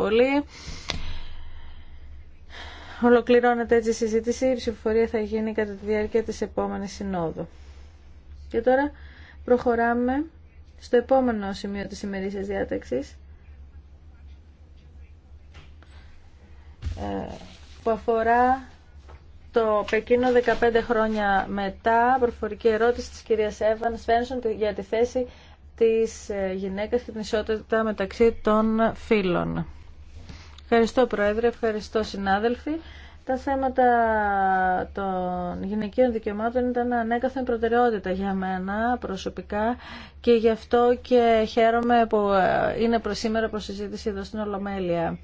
πολύ. Ολοκληρώνεται έτσι η συζήτηση. Η ψηφοφορία θα γίνει κατά τη διάρκεια της επόμενης συνόδου. Και τώρα προχωράμε στο επόμενο σημείο της ημερήσιας διάταξης ε, που αφορά το Πεκίνο 15 χρόνια μετά προφορική ερώτηση της κυρίας Εύαν Σφένσον για τη θέση της ε, γυναίκας και την ισότητα μεταξύ των φίλων. Ευχαριστώ Πρόεδρε, ευχαριστώ συνάδελφοι. Τα θέματα των γυναικείων δικαιωμάτων ήταν ανέκαθεν προτεραιότητα για μένα προσωπικά και γι' αυτό και χαίρομαι που ε, είναι προς σήμερα προσυζήτηση εδώ στην Ολομέλεια.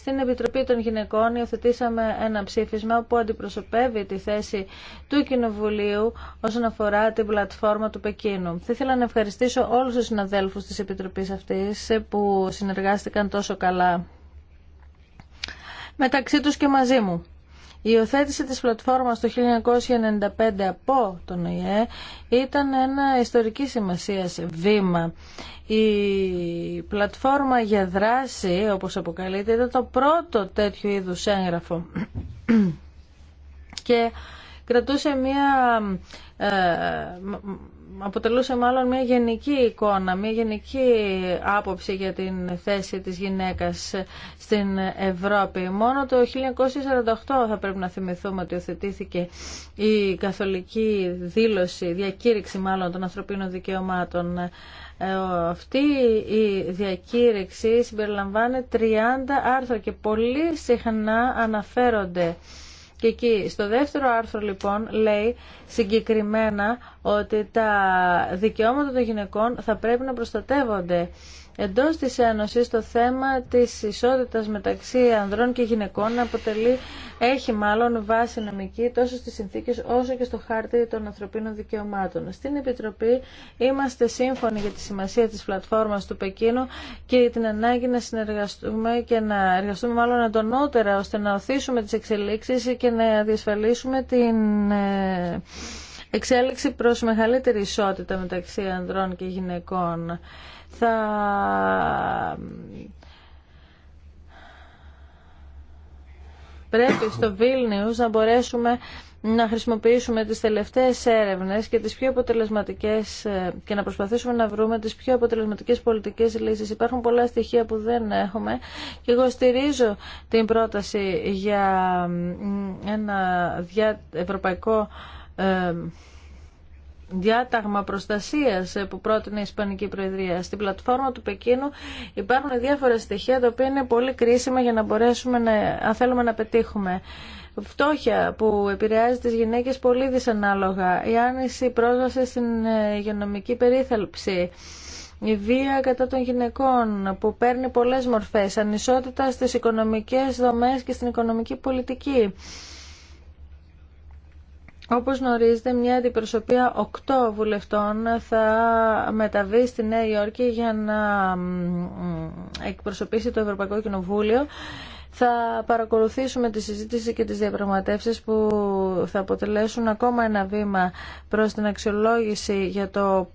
Στην Επιτροπή των Γυναικών υιοθετήσαμε ένα ψήφισμα που αντιπροσωπεύει τη θέση του Κοινοβουλίου όσον αφορά την πλατφόρμα του Πεκίνου. Θα ήθελα να ευχαριστήσω όλους τους συναδέλφους της Επιτροπής αυτής που συνεργάστηκαν τόσο καλά μεταξύ τους και μαζί μου. Η υιοθέτηση της πλατφόρμας το 1995 από τον ΙΕ ήταν ένα ιστορική σημασίας βήμα. Η πλατφόρμα για δράση, όπως αποκαλείται, ήταν το πρώτο τέτοιο είδους έγγραφο. Και κρατούσε μία ε, αποτελούσε μάλλον μια γενική εικόνα, μια γενική άποψη για την θέση της γυναίκας στην Ευρώπη. Μόνο το 1948 θα πρέπει να θυμηθούμε ότι οθετήθηκε η καθολική δήλωση, διακήρυξη μάλλον των ανθρωπίνων δικαιωμάτων. Ε, αυτή η διακήρυξη συμπεριλαμβάνει 30 άρθρα και πολύ συχνά αναφέρονται και εκεί, στο δεύτερο άρθρο λοιπόν, λέει συγκεκριμένα ότι τα δικαιώματα των γυναικών θα πρέπει να προστατεύονται. Εντός της Ένωση, το θέμα της ισότητας μεταξύ ανδρών και γυναικών αποτελεί, έχει μάλλον βάση νομική τόσο στις συνθήκες όσο και στο χάρτη των ανθρωπίνων δικαιωμάτων. Στην Επιτροπή είμαστε σύμφωνοι για τη σημασία της πλατφόρμας του Πεκίνου και την ανάγκη να συνεργαστούμε και να εργαστούμε μάλλον αντωνότερα ώστε να οθήσουμε τις εξελίξεις και να διασφαλίσουμε την ε, εξέλιξη προς μεγαλύτερη ισότητα μεταξύ ανδρών και γυναικών θα πρέπει στο Βίλνιους να μπορέσουμε να χρησιμοποιήσουμε τις τελευταίες έρευνες και τις πιο αποτελεσματικές ε, και να προσπαθήσουμε να βρούμε τις πιο αποτελεσματικές πολιτικές λύσεις. Υπάρχουν πολλά στοιχεία που δεν έχουμε και εγώ στηρίζω την πρόταση για ε, ένα ευρωπαϊκό ε, διάταγμα προστασία που πρότεινε η Ισπανική Προεδρία. Στην πλατφόρμα του Πεκίνου υπάρχουν διάφορα στοιχεία τα οποία είναι πολύ κρίσιμα για να μπορέσουμε να, αν θέλουμε να πετύχουμε. Φτώχεια που επηρεάζει τις γυναίκες πολύ δυσανάλογα, η άνηση πρόσβαση στην ε, υγειονομική περίθαλψη, η βία κατά των γυναικών που παίρνει πολλές μορφές, ανισότητα στις οικονομικές δομές και στην οικονομική πολιτική. Όπως γνωρίζετε, μια αντιπροσωπεία 8 βουλευτών θα μεταβεί στη Νέα Υόρκη για να εκπροσωπήσει το Ευρωπαϊκό Κοινοβούλιο. Θα παρακολουθήσουμε τη συζήτηση και τις διαπραγματεύσεις που θα αποτελέσουν ακόμα ένα βήμα προς την αξιολόγηση για το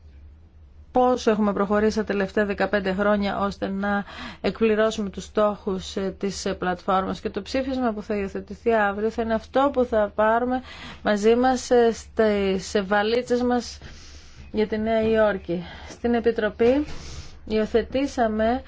πόσο έχουμε προχωρήσει τα τελευταία 15 χρόνια ώστε να εκπληρώσουμε τους στόχους ε, της ε, πλατφόρμας και το ψήφισμα που θα υιοθετηθεί αύριο θα είναι αυτό που θα πάρουμε μαζί μας ε, στις βαλίτσες μας για τη Νέα Υόρκη. Στην Επιτροπή υιοθετήσαμε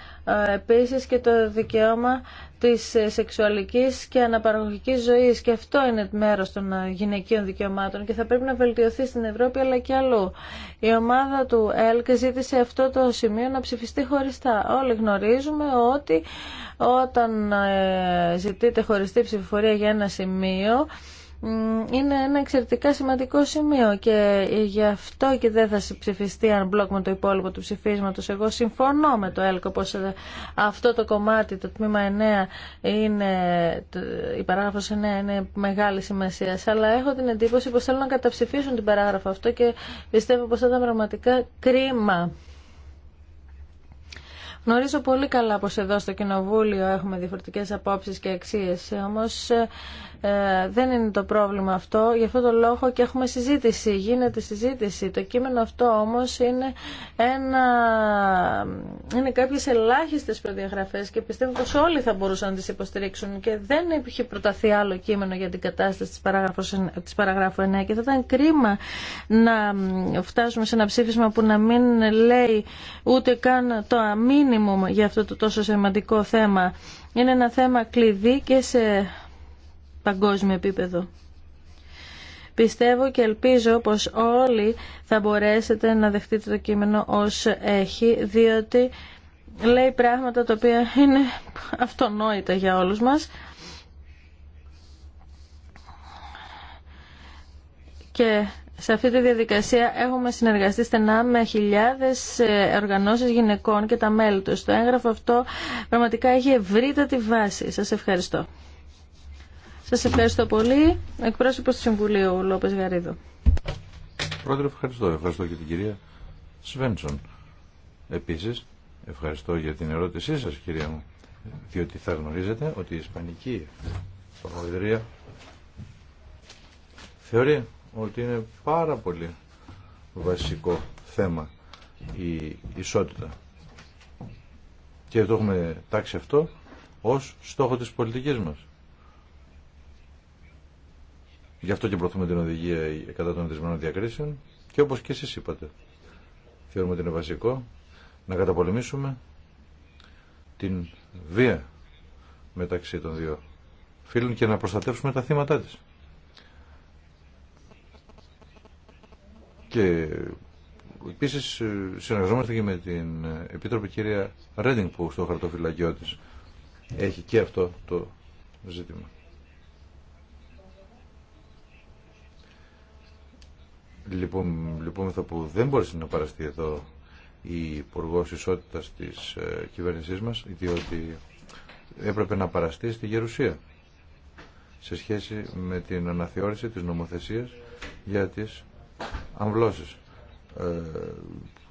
επίσης και το δικαίωμα της σεξουαλικής και αναπαραγωγικής ζωής και αυτό είναι μέρος των γυναικείων δικαιωμάτων και θα πρέπει να βελτιωθεί στην Ευρώπη αλλά και αλλού. Η ομάδα του ΕΛΚ ζήτησε αυτό το σημείο να ψηφιστεί χωριστά. Όλοι γνωρίζουμε ότι όταν ε, ζητείτε χωριστή ψηφοφορία για ένα σημείο είναι ένα εξαιρετικά σημαντικό σημείο και γι' αυτό και δεν θα ψηφιστεί αν μπλοκ με το υπόλοιπο του ψηφίσματος. Εγώ συμφωνώ με το ΕΛΚΟ πως ε, αυτό το κομμάτι, το τμήμα 9, είναι, η παράγραφος 9 είναι μεγάλη σημασία, αλλά έχω την εντύπωση πως θέλουν να καταψηφίσουν την παράγραφο αυτό και πιστεύω πως θα ήταν πραγματικά κρίμα. Γνωρίζω πολύ καλά πως εδώ στο Κοινοβούλιο έχουμε διαφορετικές απόψεις και αξίες, όμως ε, ε, δεν είναι το πρόβλημα αυτό. Γι' αυτό το λόγο και έχουμε συζήτηση, γίνεται συζήτηση. Το κείμενο αυτό όμως είναι, ένα, είναι κάποιες ελάχιστες προδιαγραφές και πιστεύω πως όλοι θα μπορούσαν να τις υποστηρίξουν και δεν είχε προταθεί άλλο κείμενο για την κατάσταση της της παραγράφου 9 και θα ήταν κρίμα να φτάσουμε σε ένα ψήφισμα που να μην λέει ούτε καν το αμήνυμο για αυτό το τόσο σημαντικό θέμα. Είναι ένα θέμα κλειδί και σε παγκόσμιο επίπεδο. Πιστεύω και ελπίζω πως όλοι θα μπορέσετε να δεχτείτε το κείμενο ως έχει, διότι λέει πράγματα τα οποία είναι αυτονόητα για όλους μας. Και σε αυτή τη διαδικασία έχουμε συνεργαστεί στενά με χιλιάδες ε, οργανώσεις γυναικών και τα μέλη τους. Το έγγραφο αυτό πραγματικά έχει ευρύτατη βάση. Σας ευχαριστώ. Σας ευχαριστώ πολύ. Εκπρόσωπος του Συμβουλίου, Λόπες Γαρίδο. Πρόεδρε, ευχαριστώ. Ευχαριστώ και την κυρία Σβέντσον. Επίσης, ευχαριστώ για την ερώτησή σας, κυρία μου, διότι θα γνωρίζετε ότι η Ισπανική Προεδρία θεωρεί ότι είναι πάρα πολύ βασικό θέμα η ισότητα. Και το έχουμε τάξει αυτό ως στόχο της πολιτικής μας. Γι' αυτό και προωθούμε την οδηγία κατά των δυσμένων διακρίσεων και όπως και εσείς είπατε. Θεωρούμε ότι είναι βασικό να καταπολεμήσουμε την βία μεταξύ των δύο φίλων και να προστατεύσουμε τα θύματα της. Και επίσης ε, συνεργαζόμαστε και με την ε, Επίτροπη κυρία Ρέντινγκ που στο χαρτοφυλακιό της έχει και αυτό το ζήτημα. Λοιπόν, λοιπόν, θα που δεν μπορείς να παραστεί εδώ η Υπουργό Ισότητα τη ε, κυβέρνησή μα, διότι έπρεπε να παραστεί στη Γερουσία σε σχέση με την αναθεώρηση της νομοθεσίας για τις αμβλώσεις. Ε,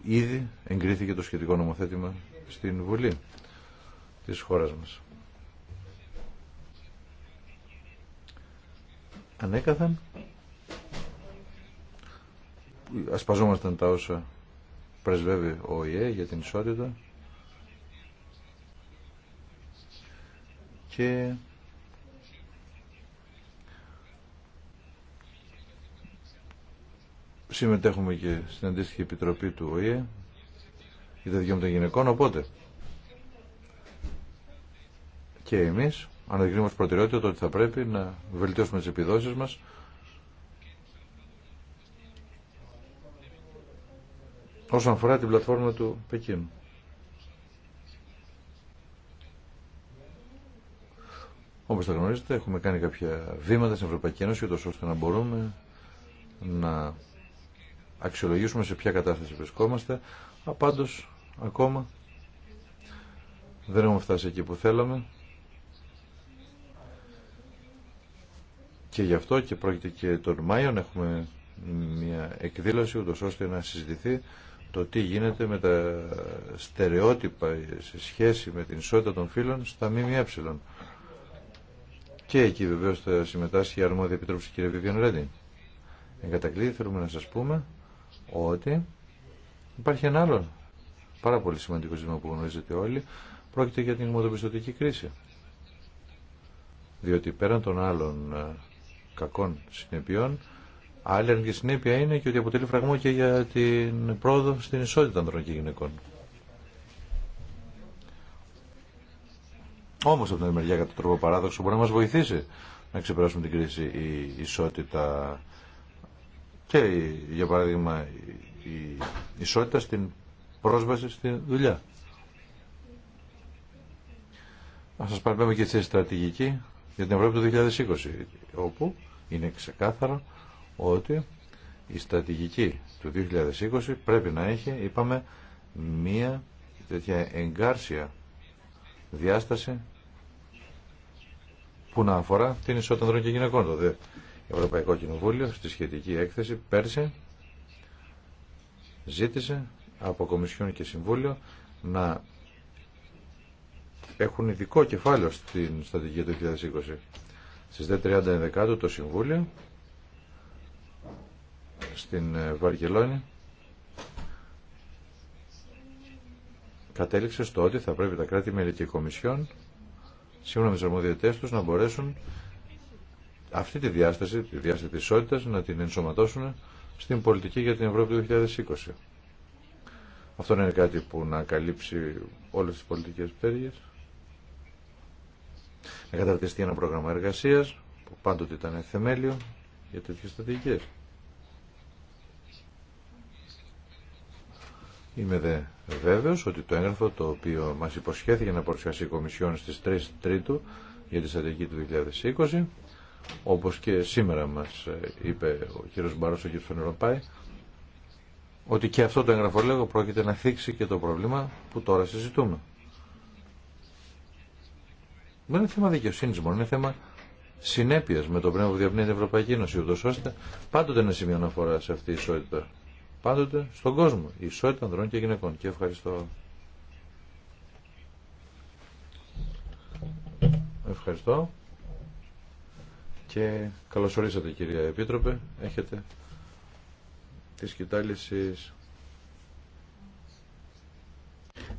ήδη εγκρίθηκε το σχετικό νομοθέτημα στην Βουλή της χώρας μας. Ανέκαθεν ασπαζόμασταν τα όσα πρεσβεύει ο ΙΕ για την ισότητα και συμμετέχουμε και στην αντίστοιχη επιτροπή του ΟΗΕ για τα δικαιώματα των γυναικών, οπότε και εμείς αναδεικνύουμε ως προτεραιότητα το ότι θα πρέπει να βελτιώσουμε τις επιδόσεις μας όσον αφορά την πλατφόρμα του Πεκίνου. Όπω τα γνωρίζετε, έχουμε κάνει κάποια βήματα στην Ευρωπαϊκή Ένωση, ούτως ώστε να μπορούμε να αξιολογήσουμε σε ποια κατάσταση βρισκόμαστε. Απάντω, ακόμα δεν έχουμε φτάσει εκεί που θέλαμε. Και γι' αυτό και πρόκειται και τον Μάιο να έχουμε μια εκδήλωση, ούτως ώστε να συζητηθεί το τι γίνεται με τα στερεότυπα σε σχέση με την ισότητα των φύλων στα ΜΜΕ. Και εκεί βεβαίω θα συμμετάσχει η αρμόδια επιτροπή κ. Βιβιαν Ρέντι. Εν κατακλείδη θέλουμε να σας πούμε ότι υπάρχει ένα άλλο πάρα πολύ σημαντικό ζήτημα που γνωρίζετε όλοι. Πρόκειται για την χρηματοπιστωτική κρίση. Διότι πέραν των άλλων ε, κακών συνεπειών Άλλη αρνητική συνέπεια είναι και ότι αποτελεί φραγμό και για την πρόοδο στην ισότητα ανδρών και γυναικών. Όμω από την άλλη μεριά, κατά τρόπο παράδοξο, μπορεί να μα βοηθήσει να ξεπεράσουμε την κρίση η ισότητα και για παράδειγμα η ισότητα στην πρόσβαση στη δουλειά. Να σας παραπέμπω και στη στρατηγική για την Ευρώπη του 2020, όπου είναι ξεκάθαρο ότι η στρατηγική του 2020 πρέπει να έχει, είπαμε, μία τέτοια εγκάρσια διάσταση που να αφορά την ισότητα ανδρών και γυναικών. Το Ευρωπαϊκό Κοινοβούλιο στη σχετική έκθεση πέρσι ζήτησε από Κομισιόν και Συμβούλιο να έχουν ειδικό κεφάλαιο στην στρατηγική του 2020. Στις 30 Ενδεκάτου το Συμβούλιο στην ε, Βαρκελόνη κατέληξε στο ότι θα πρέπει τα κράτη-μέλη και οι Κομισιόν σύμφωνα με τις αρμοδιότητες τους να μπορέσουν αυτή τη διάσταση, τη διάσταση της ισότητας να την ενσωματώσουν στην πολιτική για την Ευρώπη του 2020. Αυτό είναι κάτι που να καλύψει όλες τις πολιτικές πτέρυγες. Να καταρτιστεί ένα πρόγραμμα εργασίας που πάντοτε ήταν θεμέλιο για τέτοιες στρατηγικές. Είμαι δε βέβαιος ότι το έγγραφο το οποίο μας υποσχέθηκε να παρουσιάσει η Κομισιόν στις 3 Τρίτου για τη στρατηγική του 2020, όπως και σήμερα μας ε, είπε ο κ. Μπαρός, ο κ. Φενεροπάη, ότι και αυτό το έγγραφο λέγω πρόκειται να θίξει και το πρόβλημα που τώρα συζητούμε. Δεν είναι θέμα δικαιοσύνη μόνο, είναι θέμα συνέπειας με το πνεύμα που διαπνέει την Ευρωπαϊκή Ένωση, ούτως ώστε πάντοτε να σημείο αναφορά σε αυτή η ισότητα πάντοτε στον κόσμο. Η ισότητα ανδρών και γυναικών. Και ευχαριστώ. Ευχαριστώ. Και καλώς ορίσατε κυρία Επίτροπε. Έχετε τις κοιτάλησεις.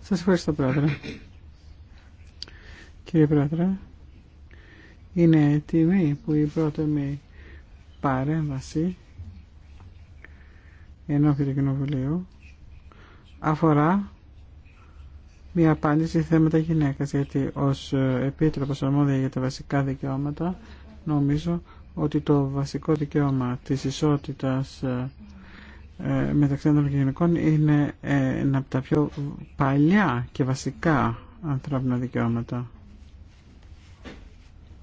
Σας ευχαριστώ πρόεδρε. Κύριε πρόεδρε, είναι τιμή που η πρώτη μου παρέμβαση ενώπιον του Κοινοβουλίου αφορά μια απάντηση θέματα γυναίκα. γιατί ως ε, επίτροπος αρμόδια για τα βασικά δικαιώματα νομίζω ότι το βασικό δικαίωμα της ισότητας ε, ε, μεταξύ των γυναικών είναι ένα από τα πιο παλιά και βασικά ανθρώπινα δικαιώματα.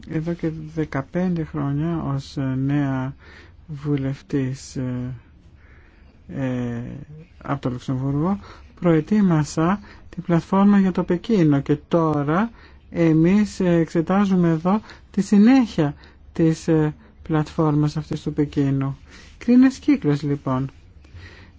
Εδώ και 15 χρόνια ως νέα βουλευτής ε, από το Λουξεμβούργο προετοίμασα την πλατφόρμα για το Πεκίνο και τώρα εμείς εξετάζουμε εδώ τη συνέχεια της ε, πλατφόρμας αυτής του Πεκίνου. Κρίνες κύκλες λοιπόν.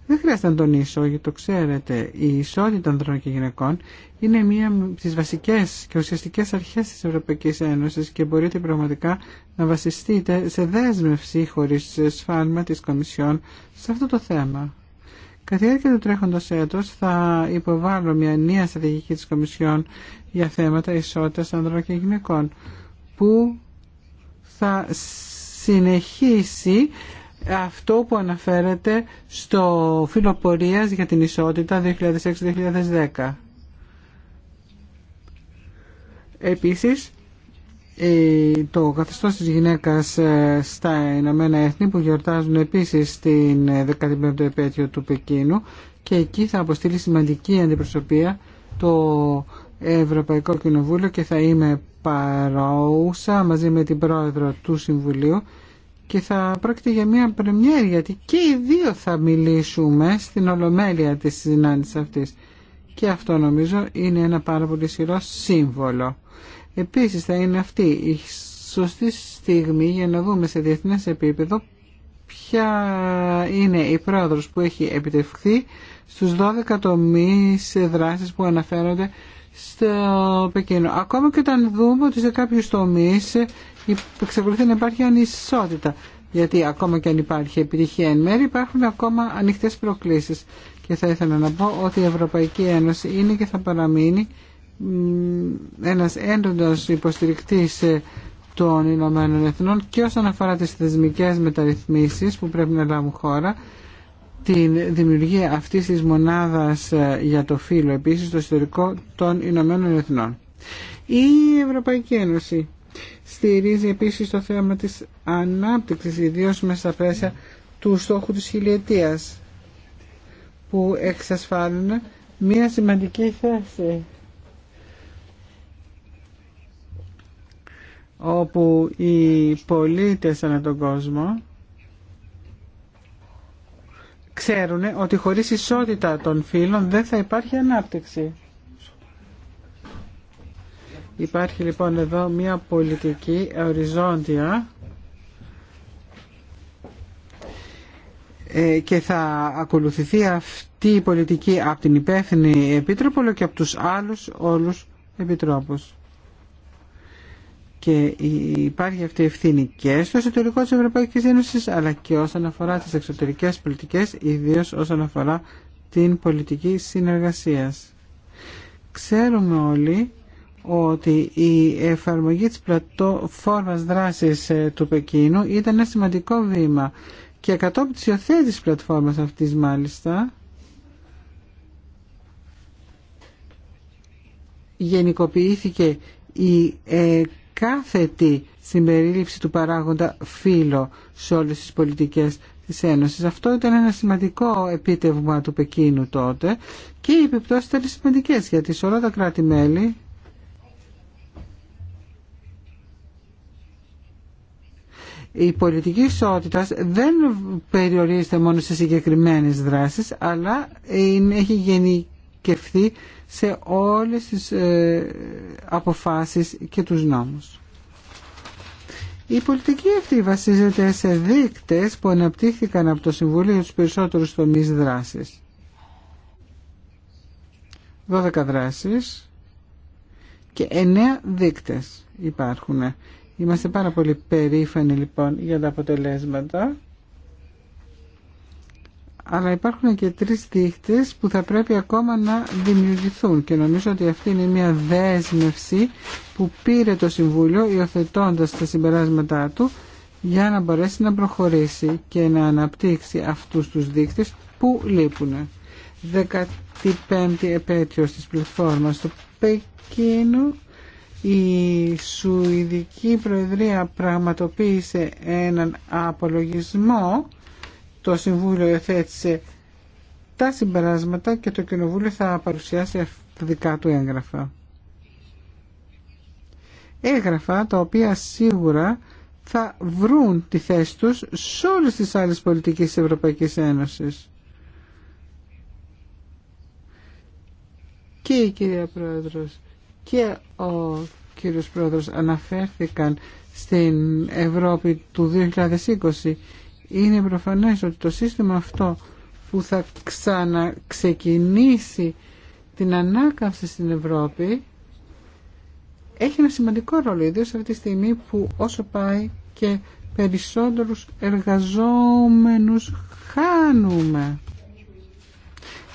Δεν χρειάζεται να τονίσω, γιατί το ξέρετε, η ισότητα ανδρών και γυναικών είναι μία από τις βασικές και ουσιαστικές αρχές της Ευρωπαϊκής Ένωσης και μπορείτε πραγματικά να βασιστείτε σε δέσμευση χωρίς σφάλμα της Κομισιόν σε αυτό το θέμα. Κατά τη διάρκεια του τρέχοντο έτο θα υποβάλω μια νέα στρατηγική τη Κομισιόν για θέματα ισότητα ανδρών και γυναικών που θα συνεχίσει αυτό που αναφέρεται στο φιλοπορίας για την ισότητα 2006-2010. Επίσης, το καθεστώς της γυναίκας ε, στα Ηνωμένα Έθνη που γιορτάζουν επίσης την 15η ε, επέτειο του Πεκίνου και εκεί θα αποστείλει σημαντική αντιπροσωπεία το Ευρωπαϊκό Κοινοβούλιο και θα είμαι παρόουσα μαζί με την πρόεδρο του Συμβουλίου και θα πρόκειται για μια πρεμιέρα γιατί και οι δύο θα μιλήσουμε στην ολομέλεια της συνάντησης αυτής και αυτό νομίζω είναι ένα πάρα πολύ ισχυρό σύμβολο. Επίσης θα είναι αυτή η σωστή στιγμή για να δούμε σε διεθνές επίπεδο ποια είναι η πρόοδος που έχει επιτευχθεί στους 12 τομείς δράσεις που αναφέρονται στο Πεκίνο. Ακόμα και όταν δούμε ότι σε κάποιους τομείς εξακολουθεί να υπάρχει ανισότητα. Γιατί ακόμα και αν υπάρχει επιτυχία εν μέρη υπάρχουν ακόμα ανοιχτές προκλήσεις. Και θα ήθελα να πω ότι η Ευρωπαϊκή Ένωση είναι και θα παραμείνει ένας έντονος υποστηρικτής ε, των Ηνωμένων Εθνών και όσον αφορά τις θεσμικές μεταρρυθμίσεις που πρέπει να λάβουν χώρα τη δημιουργία αυτή της μονάδας ε, για το φύλλο επίσης στο ιστορικό των Ηνωμένων Εθνών. Η Ευρωπαϊκή Ένωση Στηρίζει επίσης το θέμα της ανάπτυξης, ιδίως μέσα στα πλαίσια του στόχου της χιλιετίας, που εξασφάλουν μία σημαντική θέση. όπου οι πολίτες ανά τον κόσμο ξέρουν ότι χωρίς ισότητα των φύλων δεν θα υπάρχει ανάπτυξη. Υπάρχει λοιπόν εδώ μια πολιτική οριζόντια ε, και θα ακολουθηθεί αυτή η πολιτική από την υπεύθυνη επίτροπο και από τους άλλους όλους επιτρόπους. Και υπάρχει αυτή η ευθύνη και στο εσωτερικό της Ευρωπαϊκής Ένωσης αλλά και όσον αφορά τις εξωτερικές πολιτικές, ιδίως όσον αφορά την πολιτική συνεργασίας. Ξέρουμε όλοι ότι η εφαρμογή της πλατφόρμας δράσης ε, του Πεκίνου ήταν ένα σημαντικό βήμα και κατόπιν της υιοθέτησης πλατφόρμας αυτής μάλιστα γενικοποιήθηκε η ε, κάθετη συμπερίληψη του παράγοντα φύλλο σε όλες τις πολιτικές της Ένωσης. Αυτό ήταν ένα σημαντικό επίτευγμα του Πεκίνου τότε και οι επιπτώσεις ήταν σημαντικές γιατί σε όλα τα κράτη-μέλη η πολιτική ισότητα δεν περιορίζεται μόνο σε συγκεκριμένες δράσεις αλλά έχει γενικευθεί σε όλες τις ε, αποφάσεις και τους νόμους. Η πολιτική αυτή βασίζεται σε δείκτες που αναπτύχθηκαν από το Συμβούλιο για τους περισσότερους τομείς δράσης. 12 δράσεις και 9 δείκτες υπάρχουν Είμαστε πάρα πολύ περήφανοι λοιπόν για τα αποτελέσματα. Αλλά υπάρχουν και τρεις δείχτες που θα πρέπει ακόμα να δημιουργηθούν και νομίζω ότι αυτή είναι μια δέσμευση που πήρε το Συμβούλιο υιοθετώντα τα συμπεράσματά του για να μπορέσει να προχωρήσει και να αναπτύξει αυτούς τους δείκτες που λείπουν. 15η επέτειος της πλατφόρμας του Πεκίνου η Σουηδική Προεδρία πραγματοποίησε έναν απολογισμό. Το Συμβούλιο εθέτησε τα συμπεράσματα και το Κοινοβούλιο θα παρουσιάσει τα δικά του έγγραφα. Έγγραφα τα οποία σίγουρα θα βρουν τη θέση τους σε όλες τις άλλες πολιτικές της Ευρωπαϊκής Ένωσης. Και η κυρία Πρόεδρος και ο κύριος Πρόεδρος αναφέρθηκαν στην Ευρώπη του 2020 είναι προφανές ότι το σύστημα αυτό που θα ξαναξεκινήσει την ανάκαμψη στην Ευρώπη έχει ένα σημαντικό ρόλο, ιδίως αυτή τη στιγμή που όσο πάει και περισσότερους εργαζόμενους χάνουμε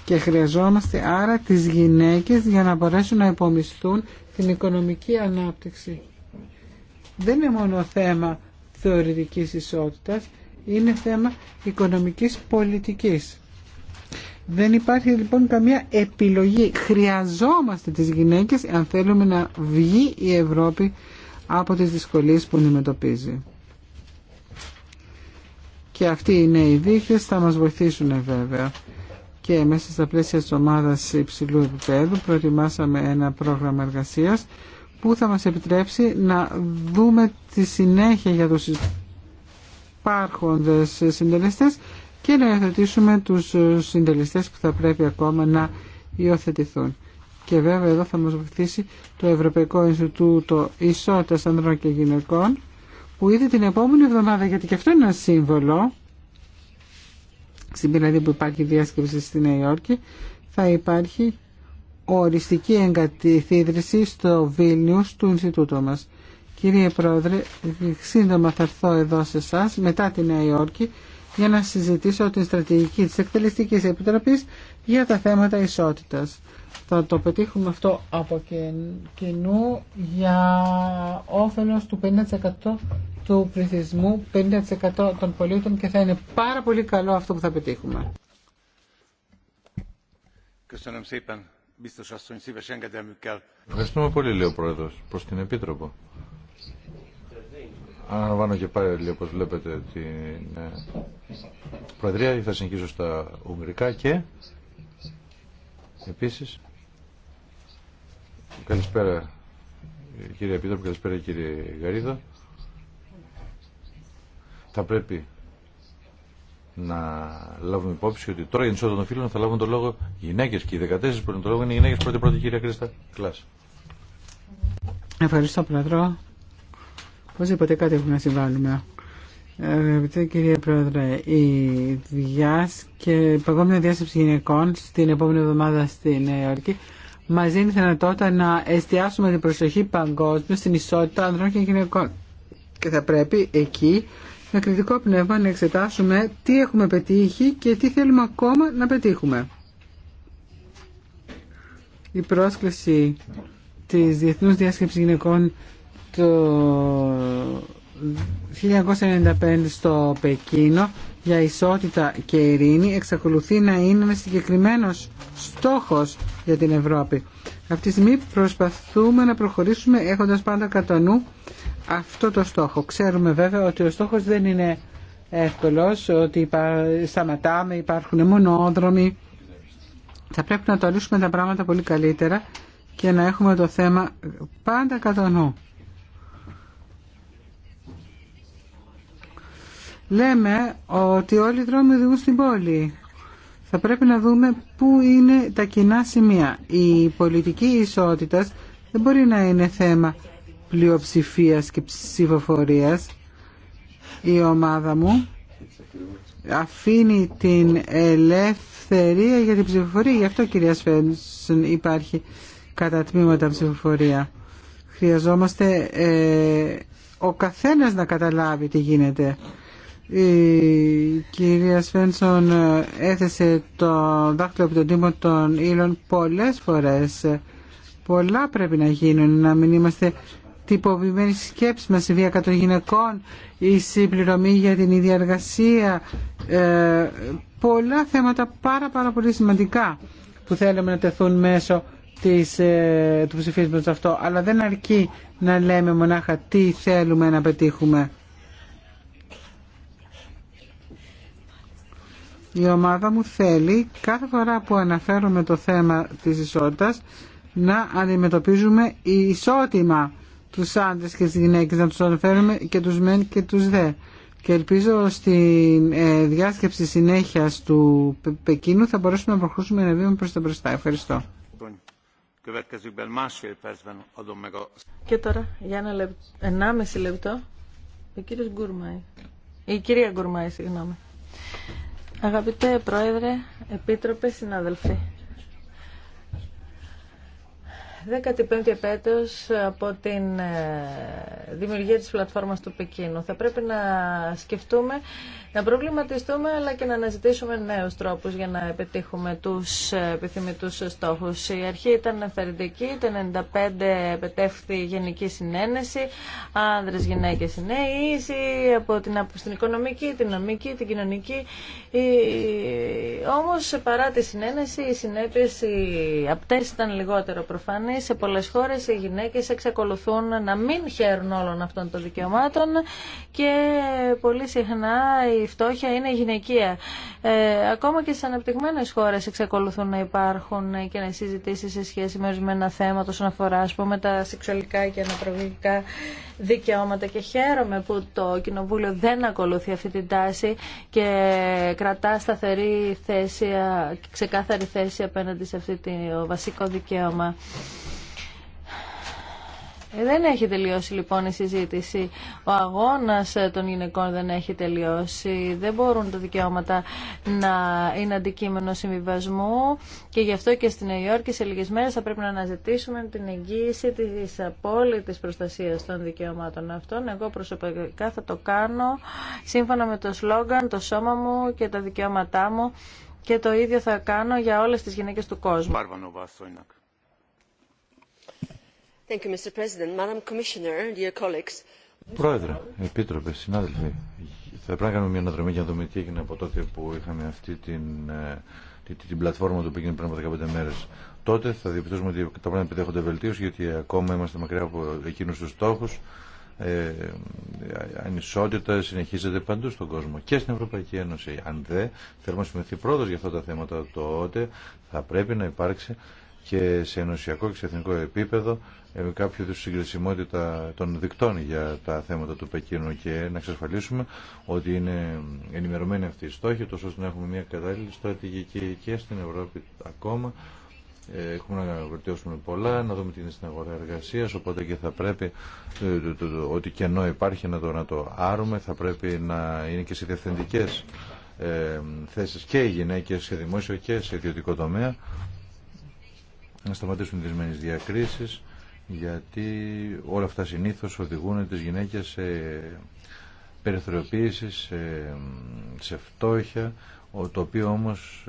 και χρειαζόμαστε άρα τις γυναίκες για να μπορέσουν να υπομισθούν την οικονομική ανάπτυξη. Δεν είναι μόνο θέμα θεωρητικής ισότητας, είναι θέμα οικονομικής πολιτικής. Δεν υπάρχει λοιπόν καμία επιλογή. Χρειαζόμαστε τις γυναίκες αν θέλουμε να βγει η Ευρώπη από τις δυσκολίες που αντιμετωπίζει. Και αυτοί οι νέοι δίχτες θα μας βοηθήσουν βέβαια και μέσα στα πλαίσια της ομάδας υψηλού επίπεδου προετοιμάσαμε ένα πρόγραμμα εργασίας που θα μας επιτρέψει να δούμε τη συνέχεια για τους υπάρχοντες συντελεστές και να υιοθετήσουμε τους συντελεστές που θα πρέπει ακόμα να υιοθετηθούν. Και βέβαια εδώ θα μας βοηθήσει το Ευρωπαϊκό Ινστιτούτο Ισότητας Ανδρών και Γυναικών που ήδη την επόμενη εβδομάδα, γιατί και αυτό είναι ένα σύμβολο, στην δηλαδή που υπάρχει διάσκεψη στη Νέα Υόρκη, θα υπάρχει οριστική εγκατηθίδρυση στο Βίλνιους του Ινστιτούτου μας. Κύριε Πρόεδρε, σύντομα θα έρθω εδώ σε εσά μετά τη Νέα Υόρκη για να συζητήσω την στρατηγική της Εκτελεστικής Επιτροπής για τα θέματα ισότητας. Θα το πετύχουμε αυτό από κοινού για όφελος του 50% του πληθυσμού, 50% των πολίτων και θα είναι πάρα πολύ καλό αυτό που θα πετύχουμε. Ευχαριστούμε πολύ, λέει ο Πρόεδρος, προς την Επίτροπο. Αναλαμβάνω και πάλι, όπω βλέπετε, την ε, Προεδρία. Θα συνεχίσω στα Ουγγρικά και επίση. Καλησπέρα, κύριε Επίτροπο, καλησπέρα, κύριε Γαρίδα. Θα πρέπει να λάβουμε υπόψη ότι τώρα για την ισότητα των φίλων θα λάβουν το λόγο γυναίκε και οι 14 που είναι το λόγο είναι γυναίκε πρώτη-πρώτη, κυρία Κρίστα Κλά. Ευχαριστώ, Πρόεδρο. Οπωσδήποτε κάτι έχουμε να συμβάλλουμε. Αγαπητέ κυρία Πρόεδρε, η και η Παγκόσμια Διάσκεψη Γυναικών στην επόμενη εβδομάδα στην Νέα Υόρκη μα δίνει δυνατότητα να εστιάσουμε την προσοχή παγκόσμια στην ισότητα ανδρών και γυναικών. Και θα πρέπει εκεί με κριτικό πνεύμα να εξετάσουμε τι έχουμε πετύχει και τι θέλουμε ακόμα να πετύχουμε. Η πρόσκληση της Διεθνούς Διάσκεψης Γυναικών το 1995 στο Πεκίνο για ισότητα και ειρήνη εξακολουθεί να είναι ένα συγκεκριμένο στόχος για την Ευρώπη. Αυτή τη στιγμή προσπαθούμε να προχωρήσουμε έχοντας πάντα κατά νου αυτό το στόχο. Ξέρουμε βέβαια ότι ο στόχος δεν είναι εύκολος, ότι σταματάμε, υπάρχουν μονόδρομοι. Θα πρέπει να το λύσουμε τα πράγματα πολύ καλύτερα και να έχουμε το θέμα πάντα κατά νου. λέμε ότι όλοι οι δρόμοι οδηγούν στην πόλη. Θα πρέπει να δούμε πού είναι τα κοινά σημεία. Η πολιτική ισότητα δεν μπορεί να είναι θέμα πλειοψηφία και ψηφοφορία. Η ομάδα μου αφήνει την ελευθερία για την ψηφοφορία. Γι' αυτό κυρία Σφένσον υπάρχει κατά τμήματα ψηφοφορία. Χρειαζόμαστε ε, ο καθένας να καταλάβει τι γίνεται η κυρία Σφένσον έθεσε το δάχτυλο από τον τύπο των ήλων πολλές φορές. Πολλά πρέπει να γίνουν, να μην είμαστε τυποποιημένοι στις σκέψεις μας, η βία κατά των γυναικών, η συμπληρωμή για την ίδια εργασία, ε, πολλά θέματα πάρα πάρα πολύ σημαντικά που θέλουμε να τεθούν μέσω της, ε, του ψηφίσματος αυτό. Αλλά δεν αρκεί να λέμε μονάχα τι θέλουμε να πετύχουμε. Η ομάδα μου θέλει κάθε φορά που αναφέρουμε το θέμα της ισότητας να αντιμετωπίζουμε ισότιμα τους άντρες και τις γυναίκες, να τους αναφέρουμε και τους μεν και τους δε. Και ελπίζω στην ε, διάσκεψη συνέχειας του Πεκίνου θα μπορέσουμε να προχωρήσουμε να βήμα προς τα μπροστά. Ευχαριστώ. Και τώρα για ένα λεπτό, ενάμεση λεπτό, ο Η κυρία Γκουρμάη, συγγνώμη. Αγαπητέ Πρόεδρε, Επίτροπε, συνάδελφοι. 15η επέτος από την ε, δημιουργία της πλατφόρμας του Πεκίνου. Θα πρέπει να σκεφτούμε, να προβληματιστούμε αλλά και να αναζητήσουμε νέους τρόπους για να επιτύχουμε τους επιθυμητούς στόχους. Η αρχή ήταν αφαιρετική, το 1995 επετεύχθη γενική συνένεση, άνδρες, γυναίκες, νέοι, Η, από την, την οικονομική, την νομική, την κοινωνική. Η, όμως παρά τη συνένεση οι συνέπειες οι απτές ήταν λιγότερο προφανή σε πολλέ χώρε οι γυναίκε εξακολουθούν να μην χαίρουν όλων αυτών των δικαιωμάτων και πολύ συχνά η φτώχεια είναι γυναικεία. Ε, ακόμα και στι αναπτυγμένε χώρε εξακολουθούν να υπάρχουν και να συζητήσει σε σχέση με ορισμένα θέματα όσον αφορά τα σεξουαλικά και αναπροβλητικά δικαιώματα και χαίρομαι που το Κοινοβούλιο δεν ακολουθεί αυτή την τάση και κρατά σταθερή θέση, και ξεκάθαρη θέση απέναντι σε αυτή το βασικό δικαίωμα. Ε, δεν έχει τελειώσει λοιπόν η συζήτηση. Ο αγώνας ε, των γυναικών δεν έχει τελειώσει. Δεν μπορούν τα δικαιώματα να είναι αντικείμενο συμβιβασμού και γι' αυτό και στη Νέα Υόρκη σε λίγες μέρες θα πρέπει να αναζητήσουμε την εγγύηση της απόλυτης προστασίας των δικαιωμάτων αυτών. Εγώ προσωπικά θα το κάνω σύμφωνα με το σλόγγαν, το σώμα μου και τα δικαιώματά μου και το ίδιο θα κάνω για όλες τις γυναίκες του κόσμου. Πρόεδρε, επίτροπε, συνάδελφοι, θα πρέπει να κάνουμε μια αναδρομή για να δούμε τι έγινε από τότε που είχαμε αυτή την, ε, την, την πλατφόρμα του που έγινε πριν από 15 μέρε. Τότε θα διαπιστώσουμε ότι τα πράγματα επιδέχονται βελτίωση, γιατί ακόμα είμαστε μακριά από εκείνου του στόχου. Ε, ανισότητα συνεχίζεται παντού στον κόσμο και στην Ευρωπαϊκή Ένωση. Αν δεν θέλουμε να σημειωθεί πρόοδο για αυτά τα θέματα, τότε θα πρέπει να υπάρξει και σε ενωσιακό και σε εθνικό επίπεδο ε, κάποιο είδου συγκρισιμότητα των δικτών για τα θέματα του Πεκίνου και να εξασφαλίσουμε ότι είναι ενημερωμένοι αυτοί οι στόχοι, τόσο ώστε να έχουμε μια κατάλληλη στρατηγική και στην Ευρώπη ακόμα. Ε, έχουμε να βελτιώσουμε πολλά, να δούμε τι είναι στην αγορά εργασία, οπότε και θα πρέπει ε, ό,τι κενό υπάρχει να το, να άρουμε, θα πρέπει να είναι και σε διευθυντικέ ε, θέσει και οι γυναίκε σε δημόσιο και σε ιδιωτικό τομέα. Να σταματήσουν τι διακρίσει γιατί όλα αυτά συνήθως οδηγούν τις γυναίκες σε περιθωριοποίηση, σε, σε φτώχεια, το οποίο όμως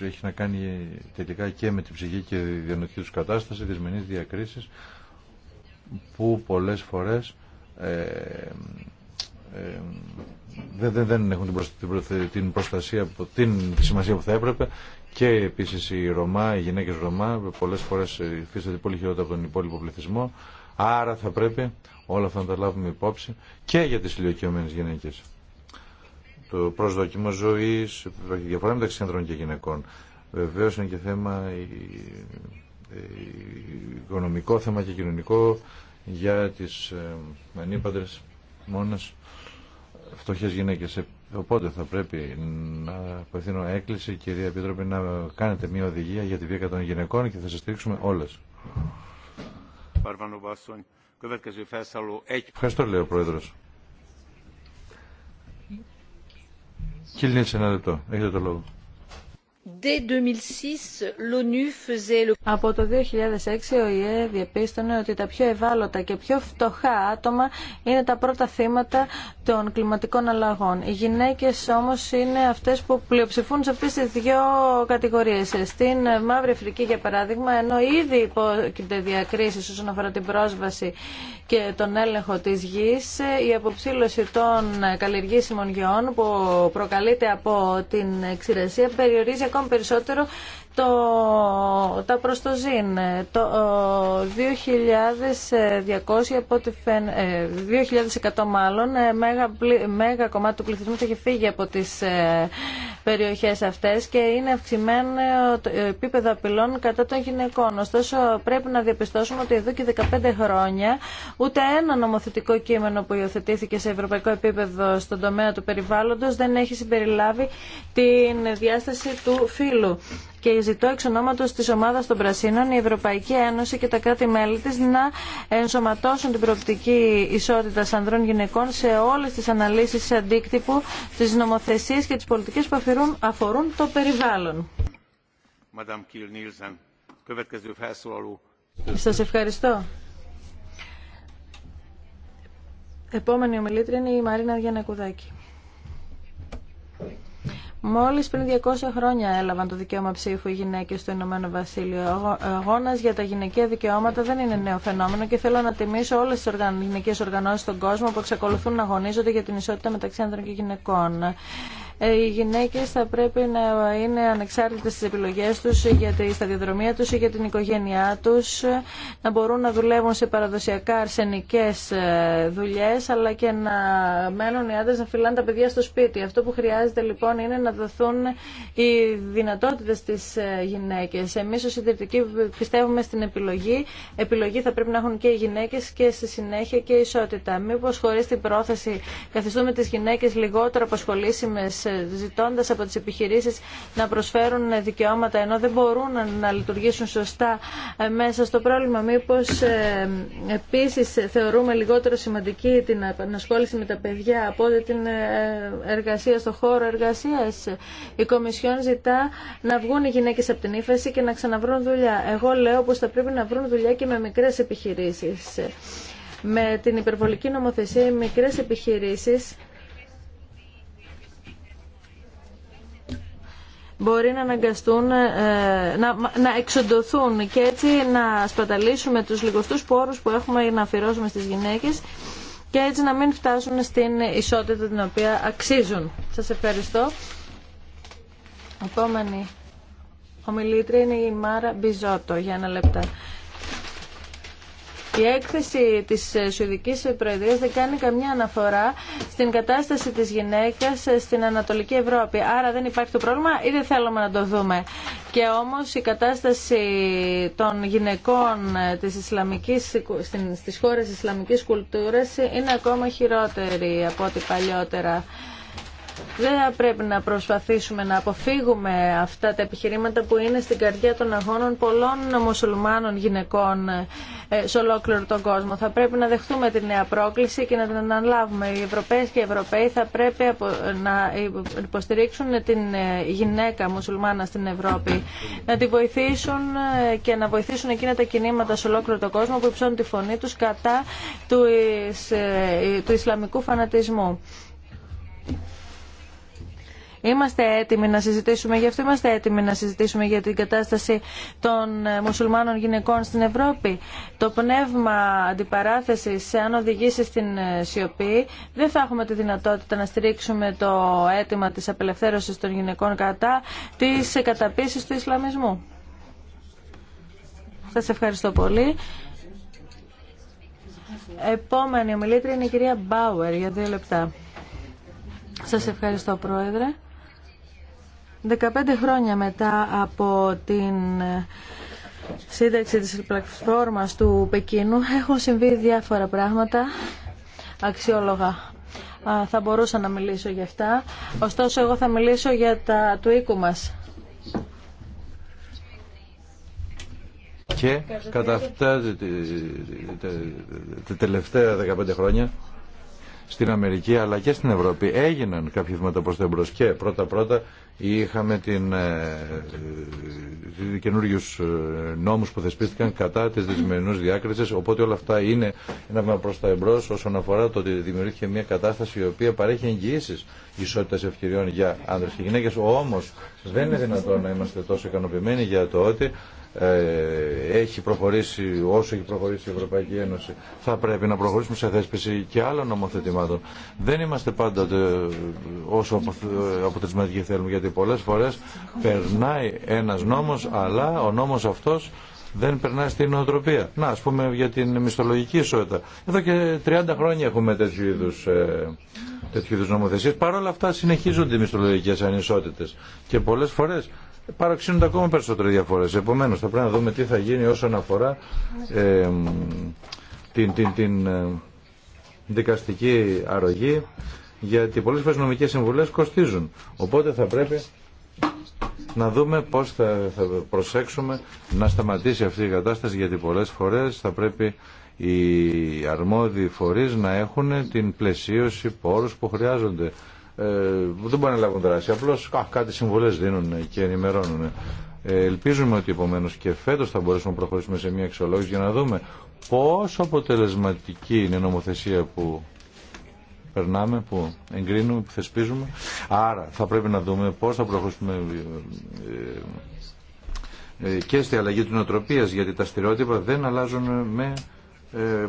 έχει, να κάνει τελικά και με την ψυχή και τη διανοητική τους κατάσταση, δυσμενείς διακρίσεις, που πολλές φορές ε, ε δεν, δεν, έχουν την, προστασία, την, προστασία, την σημασία που θα έπρεπε και επίση οι Ρωμά, οι γυναίκε Ρωμά, πολλέ φορέ υφίστανται πολύ χειρότερα από τον υπόλοιπο πληθυσμό. Άρα θα πρέπει όλα αυτά να τα λάβουμε υπόψη και για τι ηλικιωμένε γυναίκε. Το προσδοκιμό ζωή, η διαφορά μεταξύ άντρων και γυναικών. Βεβαίω είναι και θέμα ε, ε, οικονομικό, θέμα και κοινωνικό για τι ε, ανήπαντρε μόνε φτωχέ γυναίκε. Οπότε θα πρέπει να απευθύνω έκκληση, κυρία Επίτροπη, να κάνετε μια οδηγία για τη βία των γυναικών και θα σα στηρίξουμε όλε. Ευχαριστώ, λέει ο Πρόεδρος. Κύριε ένα λεπτό. Έχετε το λόγο. Από το 2006 ο ΙΕ διαπίστωνε ότι τα πιο ευάλωτα και πιο φτωχά άτομα είναι τα πρώτα θύματα των κλιματικών αλλαγών. Οι γυναίκες όμως είναι αυτές που πλειοψηφούν σε αυτές τις δύο κατηγορίες. Στην Μαύρη Αφρική για παράδειγμα, ενώ ήδη υπόκειται διακρίσεις όσον αφορά την πρόσβαση και τον έλεγχο της γης, η αποψήλωση των καλλιεργήσιμων γεών που προκαλείται από την ξηρασία περιορίζει ακόμη περισσότερο τα προστοζήν. Το 2.200 από ό,τι 2.100 ε, μάλλον ε, μέγα, μέγα κομμάτι του πληθυσμού θα έχει φύγει από τις ε, περιοχές αυτές και είναι αυξημένο το επίπεδο απειλών κατά των γυναικών. Ωστόσο πρέπει να διαπιστώσουμε ότι εδώ και 15 χρόνια ούτε ένα νομοθετικό κείμενο που υιοθετήθηκε σε ευρωπαϊκό επίπεδο στον τομέα του περιβάλλοντος δεν έχει συμπεριλάβει την διάσταση του φύλου και ζητώ εξ ονόματος της ομάδας των Πρασίνων η Ευρωπαϊκή Ένωση και τα κράτη-μέλη τη να ενσωματώσουν την προοπτική ισότητα ανδρών γυναικών σε όλες τις αναλύσεις αντίκτυπου, τι νομοθεσίε και τι πολιτικέ που αφορούν, αφορούν το περιβάλλον. Σα ευχαριστώ. Επόμενη ομιλήτρια είναι η Μαρίνα Διανακουδάκη. Μόλις πριν 200 χρόνια έλαβαν το δικαίωμα ψήφου οι γυναίκες στο Ηνωμένο Βασίλειο. Ο αγώνας για τα γυναικεία δικαιώματα δεν είναι νέο φαινόμενο και θέλω να τιμήσω όλες τις γυναικείες οργανώσεις στον κόσμο που εξακολουθούν να αγωνίζονται για την ισότητα μεταξύ άνδρων και γυναικών. Ε, οι γυναίκες θα πρέπει να είναι ανεξάρτητες στις επιλογές τους για τη σταδιοδρομία τους ή για την οικογένειά τους, να μπορούν να δουλεύουν σε παραδοσιακά αρσενικές ε, δουλειές, αλλά και να μένουν οι άντρες να φυλάνε τα παιδιά στο σπίτι. Αυτό που χρειάζεται λοιπόν είναι να δοθούν οι δυνατότητες στις ε, γυναίκες. Εμείς ως συντηρητικοί πιστεύουμε στην επιλογή. Επιλογή θα πρέπει να έχουν και οι γυναίκες και στη συνέχεια και η ισότητα. Μήπω χωρίς την πρόθεση καθιστούμε τις γυναίκες λιγότερο αποσχολήσιμε ζητώντας από τις επιχειρήσεις να προσφέρουν δικαιώματα ενώ δεν μπορούν να λειτουργήσουν σωστά ε, μέσα στο πρόβλημα. Μήπως ε, επίσης θεωρούμε λιγότερο σημαντική την ανασχόληση με τα παιδιά από την ε, εργασία στο χώρο εργασίας. Η Κομισιόν ζητά να βγουν οι γυναίκες από την ύφεση και να ξαναβρούν δουλειά. Εγώ λέω πως θα πρέπει να βρουν δουλειά και με μικρές επιχειρήσεις. Με την υπερβολική νομοθεσία οι μικρές επιχειρήσεις μπορεί να αναγκαστούν ε, να, να εξοντωθούν και έτσι να σπαταλήσουμε τους λιγοστούς πόρους που έχουμε να αφιερώσουμε στις γυναίκες και έτσι να μην φτάσουν στην ισότητα την οποία αξίζουν. Σας ευχαριστώ. Επόμενη ομιλήτρια είναι η Μάρα Μπιζότο για ένα λεπτά. Η έκθεση της Σουδικής Προεδρίας δεν κάνει καμιά αναφορά στην κατάσταση της γυναίκας στην Ανατολική Ευρώπη. Άρα δεν υπάρχει το πρόβλημα ή δεν θέλουμε να το δούμε. Και όμως η κατάσταση των γυναικών της Ισλαμικής, στις χώρες Ισλαμικής κουλτούρας είναι ακόμα χειρότερη από ό,τι παλιότερα. Δεν πρέπει να προσπαθήσουμε να αποφύγουμε αυτά τα επιχειρήματα που είναι στην καρδιά των αγώνων πολλών μουσουλμάνων γυναικών ε, σε ολόκληρο τον κόσμο. Θα πρέπει να δεχτούμε τη νέα πρόκληση και να την αναλάβουμε. Οι Ευρωπαίες και οι Ευρωπαίοι θα πρέπει να υποστηρίξουν την ε, γυναίκα μουσουλμάνα στην Ευρώπη, να τη βοηθήσουν ε, και να βοηθήσουν εκείνα τα κινήματα σε ολόκληρο τον κόσμο που υψώνουν τη φωνή τους κατά του Ισλαμικού φανατισμού. Είμαστε έτοιμοι να συζητήσουμε γι' αυτό, είμαστε έτοιμοι να συζητήσουμε για την κατάσταση των ε, μουσουλμάνων γυναικών στην Ευρώπη. Το πνεύμα αντιπαράθεση, αν οδηγήσει στην ε, σιωπή, δεν θα έχουμε τη δυνατότητα να στηρίξουμε το αίτημα της απελευθέρωσης των γυναικών κατά της καταπίεσης του Ισλαμισμού. Σα ευχαριστώ πολύ. Επόμενη ομιλήτρια είναι η κυρία Μπάουερ για δύο λεπτά. Σας ευχαριστώ, Πρόεδρε. 15 χρόνια μετά από την σύνταξη της πλατφόρμας του Πεκίνου έχουν συμβεί διάφορα πράγματα αξιόλογα θα μπορούσα να μιλήσω για αυτά. Ωστόσο, εγώ θα μιλήσω για τα του οίκου μας. Και κατά αυτά τα τελευταία 15 χρόνια στην Αμερική αλλά και στην Ευρώπη έγιναν κάποια βήματα προς τα εμπρός και πρώτα-πρώτα είχαμε την, ε, ε, ε, ε, νόμους που θεσπίστηκαν κατά της δυσμενούς διάκρισης οπότε όλα αυτά είναι ένα βήμα προς τα εμπρός όσον αφορά το ότι δημιουργήθηκε μια κατάσταση η οποία παρέχει εγγυήσει ισότητας ευκαιριών για άνδρες και γυναίκες όμως δεν είναι δυνατόν να είμαστε τόσο ικανοποιημένοι για το ότι ε, έχει προχωρήσει όσο έχει προχωρήσει η Ευρωπαϊκή Ένωση. Θα πρέπει να προχωρήσουμε σε θέσπιση και άλλων νομοθετημάτων. Δεν είμαστε πάντα όσο αποτελεσματικοί θέλουμε, γιατί πολλές φορές περνάει ένας νόμος, αλλά ο νόμος αυτός δεν περνάει στην νοοτροπία. Να, ας πούμε για την μισθολογική ισότητα. Εδώ και 30 χρόνια έχουμε τέτοιου είδους, ε, τέτοιου νομοθεσίες. Παρ' όλα αυτά συνεχίζονται οι μισθολογικές ανισότητες. Και πολλές φορές παραξύνονται ακόμα περισσότερο διαφορέ. Επομένω, θα πρέπει να δούμε τι θα γίνει όσον αφορά την, την, την ε, δικαστική αρρωγή, γιατί πολλέ φορέ νομικέ συμβουλέ κοστίζουν. Οπότε θα πρέπει να δούμε πώς θα, θα προσέξουμε να σταματήσει αυτή η κατάσταση γιατί πολλές φορές θα πρέπει οι αρμόδιοι φορείς να έχουν την πλαισίωση πόρους που χρειάζονται ε, δεν μπορεί να λάβουν δράση. Απλώ κάτι συμβολέ δίνουν και ενημερώνουν. Ε, ελπίζουμε ότι επομένω και φέτο θα μπορέσουμε να προχωρήσουμε σε μια αξιολόγηση για να δούμε πόσο αποτελεσματική είναι η νομοθεσία που περνάμε, που εγκρίνουμε, που θεσπίζουμε. Άρα θα πρέπει να δούμε πώ θα προχωρήσουμε ε, και στη αλλαγή του νοοτροπίας γιατί τα στερεότυπα δεν αλλάζουν με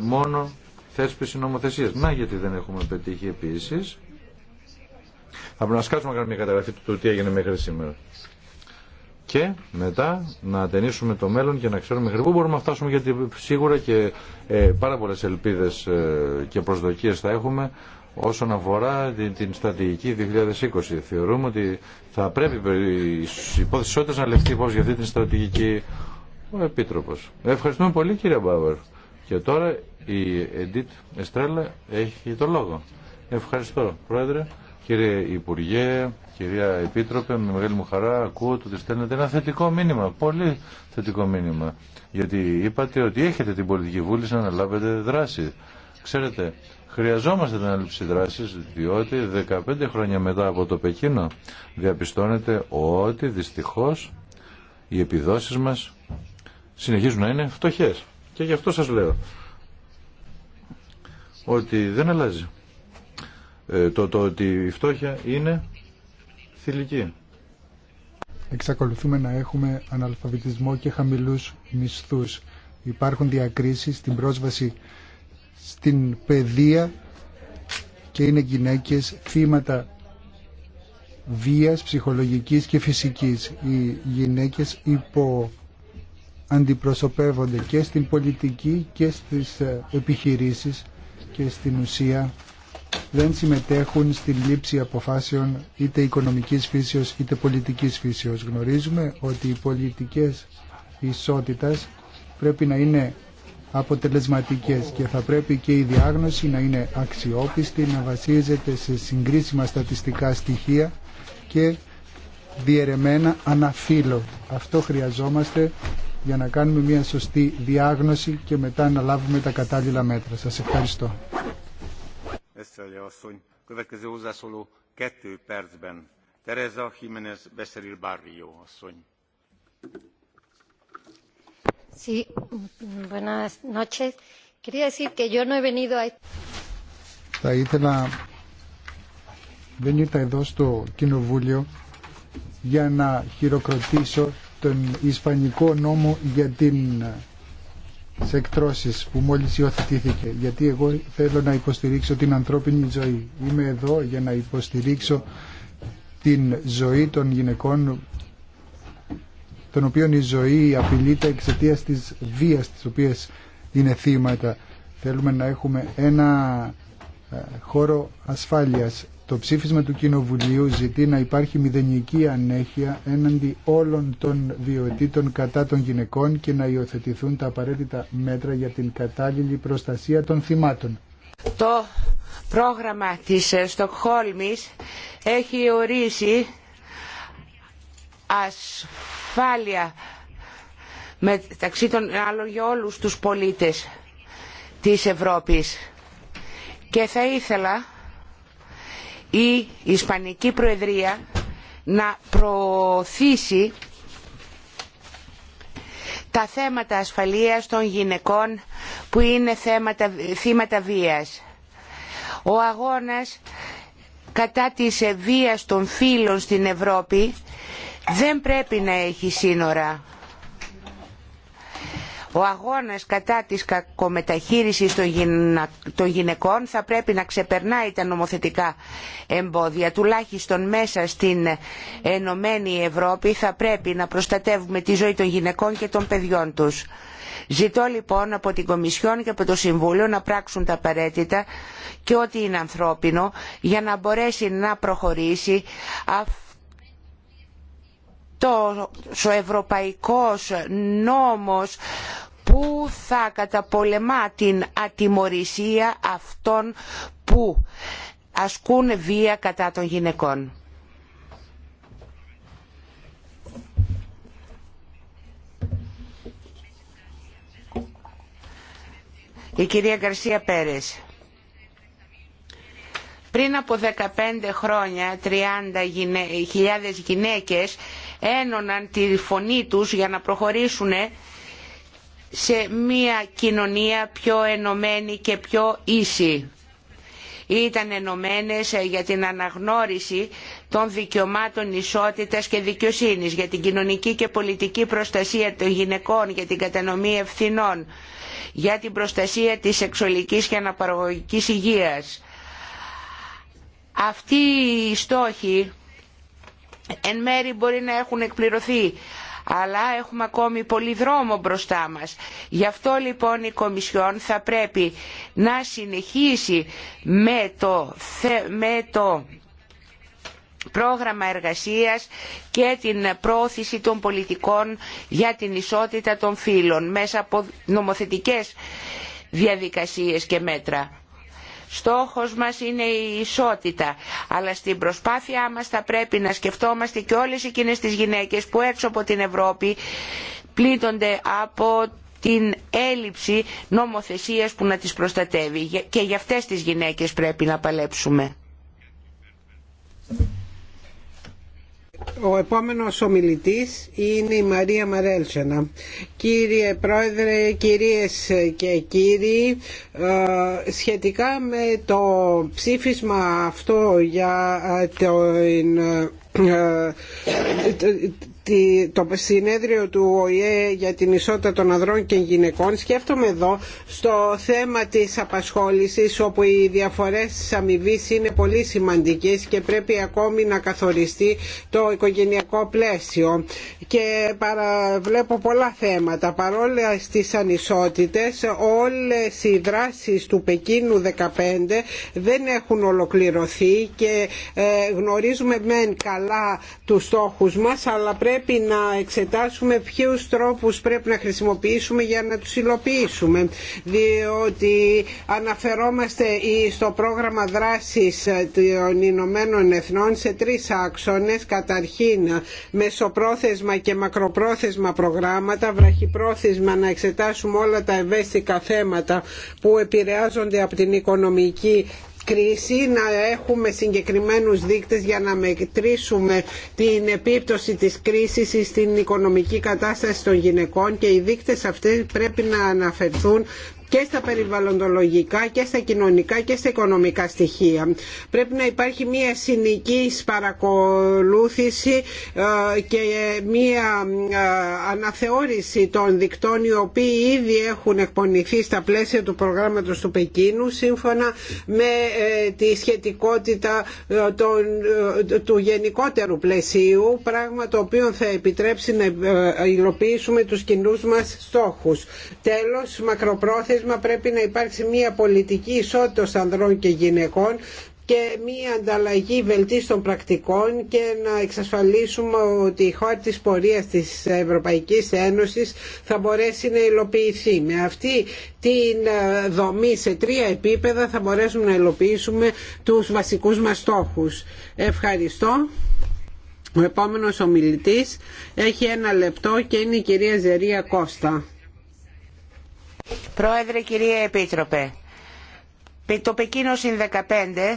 μόνο θέσπιση νομοθεσίας. Να γιατί δεν έχουμε πετύχει επίσης θα πρέπει να σκάτσουμε να κάνουμε μια καταγραφή του τι έγινε μέχρι σήμερα. Και μετά να ταινίσουμε το μέλλον και να ξέρουμε μέχρι πού μπορούμε να φτάσουμε γιατί σίγουρα και ε, πάρα πολλές ελπίδες ε, και προσδοκίες θα έχουμε όσον αφορά την, στρατηγική 2020. Θεωρούμε ότι θα πρέπει η υπόθεση να λεφτεί υπόψη για αυτή την στρατηγική ο Επίτροπος. Ευχαριστούμε πολύ κύριε Μπάβερ. Και τώρα η Εντίτ Εστρέλα έχει το λόγο. Ευχαριστώ πρόεδρε. Κύριε Υπουργέ, κυρία Επίτροπε, με μεγάλη μου χαρά ακούω ότι στέλνετε ένα θετικό μήνυμα, πολύ θετικό μήνυμα. Γιατί είπατε ότι έχετε την πολιτική βούληση να αναλάβετε δράση. Ξέρετε, χρειαζόμαστε την ανάληψη δράσης, διότι 15 χρόνια μετά από το Πεκίνο διαπιστώνεται ότι δυστυχώς οι επιδόσεις μας συνεχίζουν να είναι φτωχές. Και γι' αυτό σας λέω ότι δεν αλλάζει ε, το, το ότι η φτώχεια είναι θηλυκή. Εξακολουθούμε να έχουμε αναλφαβητισμό και χαμηλούς μισθούς. Υπάρχουν διακρίσεις στην πρόσβαση στην παιδεία και είναι γυναίκες θύματα βίας ψυχολογικής και φυσικής. Οι γυναίκες υπό αντιπροσωπεύονται και στην πολιτική και στις ε, επιχειρήσεις και στην ουσία δεν συμμετέχουν στη λήψη αποφάσεων είτε οικονομικής φύσεως είτε πολιτικής φύσεως. Γνωρίζουμε ότι οι πολιτικές ισότητας πρέπει να είναι αποτελεσματικές και θα πρέπει και η διάγνωση να είναι αξιόπιστη, να βασίζεται σε συγκρίσιμα στατιστικά στοιχεία και διαιρεμένα αναφύλο. Αυτό χρειαζόμαστε για να κάνουμε μια σωστή διάγνωση και μετά να λάβουμε τα κατάλληλα μέτρα. Σας ευχαριστώ buenas noches. Quería decir que yo no he venido Θα ήθελα... Δεν ήρθα εδώ στο Κοινοβούλιο για να χειροκροτήσω τον Ισπανικό νόμο για την σε εκτρώσεις που μόλις υιοθετήθηκε γιατί εγώ θέλω να υποστηρίξω την ανθρώπινη ζωή. Είμαι εδώ για να υποστηρίξω την ζωή των γυναικών των οποίων η ζωή απειλείται εξαιτία της βίας της οποίας είναι θύματα. Θέλουμε να έχουμε ένα ε, χώρο ασφάλειας το ψήφισμα του Κοινοβουλίου ζητεί να υπάρχει μηδενική ανέχεια έναντι όλων των βιωτήτων κατά των γυναικών και να υιοθετηθούν τα απαραίτητα μέτρα για την κατάλληλη προστασία των θυμάτων. Το πρόγραμμα της Στοκχόλμης έχει ορίσει ασφάλεια μεταξύ των άλλων για όλους τους πολίτες της Ευρώπης. Και θα ήθελα η Ισπανική Προεδρία να προωθήσει τα θέματα ασφαλείας των γυναικών που είναι θέματα, θύματα βίας. Ο αγώνας κατά της βίας των φίλων στην Ευρώπη δεν πρέπει να έχει σύνορα. Ο αγώνας κατά της κακομεταχείρισης των γυναικών θα πρέπει να ξεπερνάει τα νομοθετικά εμπόδια. Τουλάχιστον μέσα στην Ενωμένη Ευρώπη θα πρέπει να προστατεύουμε τη ζωή των γυναικών και των παιδιών τους. Ζητώ λοιπόν από την Κομισιόν και από το Συμβούλιο να πράξουν τα απαραίτητα και ό,τι είναι ανθρώπινο για να μπορέσει να προχωρήσει το ευρωπαϊκός νόμος που θα καταπολεμά την ατιμορρησία αυτών που ασκούν βία κατά των γυναικών. Η κυρία Γκαρσία Πέρες. Πριν από 15 χρόνια 30.000 γυναίκες ένωναν τη φωνή τους για να προχωρήσουν σε μια κοινωνία πιο ενωμένη και πιο ίση. Ήταν ενωμένε ε, για την αναγνώριση των δικαιωμάτων ισότητας και δικαιοσύνης, για την κοινωνική και πολιτική προστασία των γυναικών, για την κατανομή ευθυνών, για την προστασία της σεξουαλικής και αναπαραγωγικής υγείας. Αυτοί οι στόχοι εν μέρη μπορεί να έχουν εκπληρωθεί αλλά έχουμε ακόμη πολύ δρόμο μπροστά μας. Γι' αυτό λοιπόν η Κομισιόν θα πρέπει να συνεχίσει με το, με πρόγραμμα εργασίας και την πρόθεση των πολιτικών για την ισότητα των φύλων μέσα από νομοθετικές διαδικασίες και μέτρα. Στόχος μας είναι η ισότητα, αλλά στην προσπάθειά μας θα πρέπει να σκεφτόμαστε και όλες εκείνες τις γυναίκες που έξω από την Ευρώπη πλήττονται από την έλλειψη νομοθεσίας που να τις προστατεύει. Και για αυτές τις γυναίκες πρέπει να παλέψουμε. Ο επόμενος ομιλητής είναι η Μαρία Μαρέλσενα. Κύριε Πρόεδρε, κυρίες και κύριοι, ε, σχετικά με το ψήφισμα αυτό για ε, την το συνέδριο του ΟΗΕ για την ισότητα των ανδρών και γυναικών σκέφτομαι εδώ στο θέμα της απασχόλησης όπου οι διαφορές της αμοιβή είναι πολύ σημαντικές και πρέπει ακόμη να καθοριστεί το οικογενειακό πλαίσιο και βλέπω πολλά θέματα παρόλα στις ανισότητες όλες οι δράσεις του Πεκίνου 15 δεν έχουν ολοκληρωθεί και ε, γνωρίζουμε μεν καλά τους στόχους μας αλλά πρέπει πρέπει να εξετάσουμε ποιους τρόπους πρέπει να χρησιμοποιήσουμε για να τους υλοποιήσουμε διότι αναφερόμαστε στο πρόγραμμα δράσης ε, των Ηνωμένων Εθνών σε τρεις άξονες καταρχήν μεσοπρόθεσμα και μακροπρόθεσμα προγράμματα βραχυπρόθεσμα να εξετάσουμε όλα τα ευαίσθηκα θέματα που επηρεάζονται από την οικονομική κρίση να έχουμε συγκεκριμένους δείκτες για να μετρήσουμε την επίπτωση της κρίσης στην οικονομική κατάσταση των γυναικών και οι δείκτες αυτές πρέπει να αναφερθούν και στα περιβαλλοντολογικά και στα κοινωνικά και στα οικονομικά στοιχεία. Πρέπει να υπάρχει μια συνική παρακολούθηση ε, και μια ε, αναθεώρηση των δικτών οι οποίοι ήδη έχουν εκπονηθεί στα πλαίσια του προγράμματος του Πεκίνου σύμφωνα με ε, τη σχετικότητα του γενικότερου πλαισίου πράγμα το οποίο θα επιτρέψει να υλοποιήσουμε τους κοινούς μας στόχους. Τέλος, μακροπρόθεση πρέπει να υπάρξει μια πολιτική ισότητα ανδρών και γυναικών και μία ανταλλαγή βελτίστων πρακτικών και να εξασφαλίσουμε ότι η χώρα της πορείας της Ευρωπαϊκής Ένωσης θα μπορέσει να υλοποιηθεί. Με αυτή την ε, δομή σε τρία επίπεδα θα μπορέσουμε να υλοποιήσουμε τους βασικούς μας στόχους. Ευχαριστώ. Ο επόμενος ομιλητής έχει ένα λεπτό και είναι η κυρία Ζερία Κώστα. Πρόεδρε, κυρία Επίτροπε, το Πεκίνο συν 15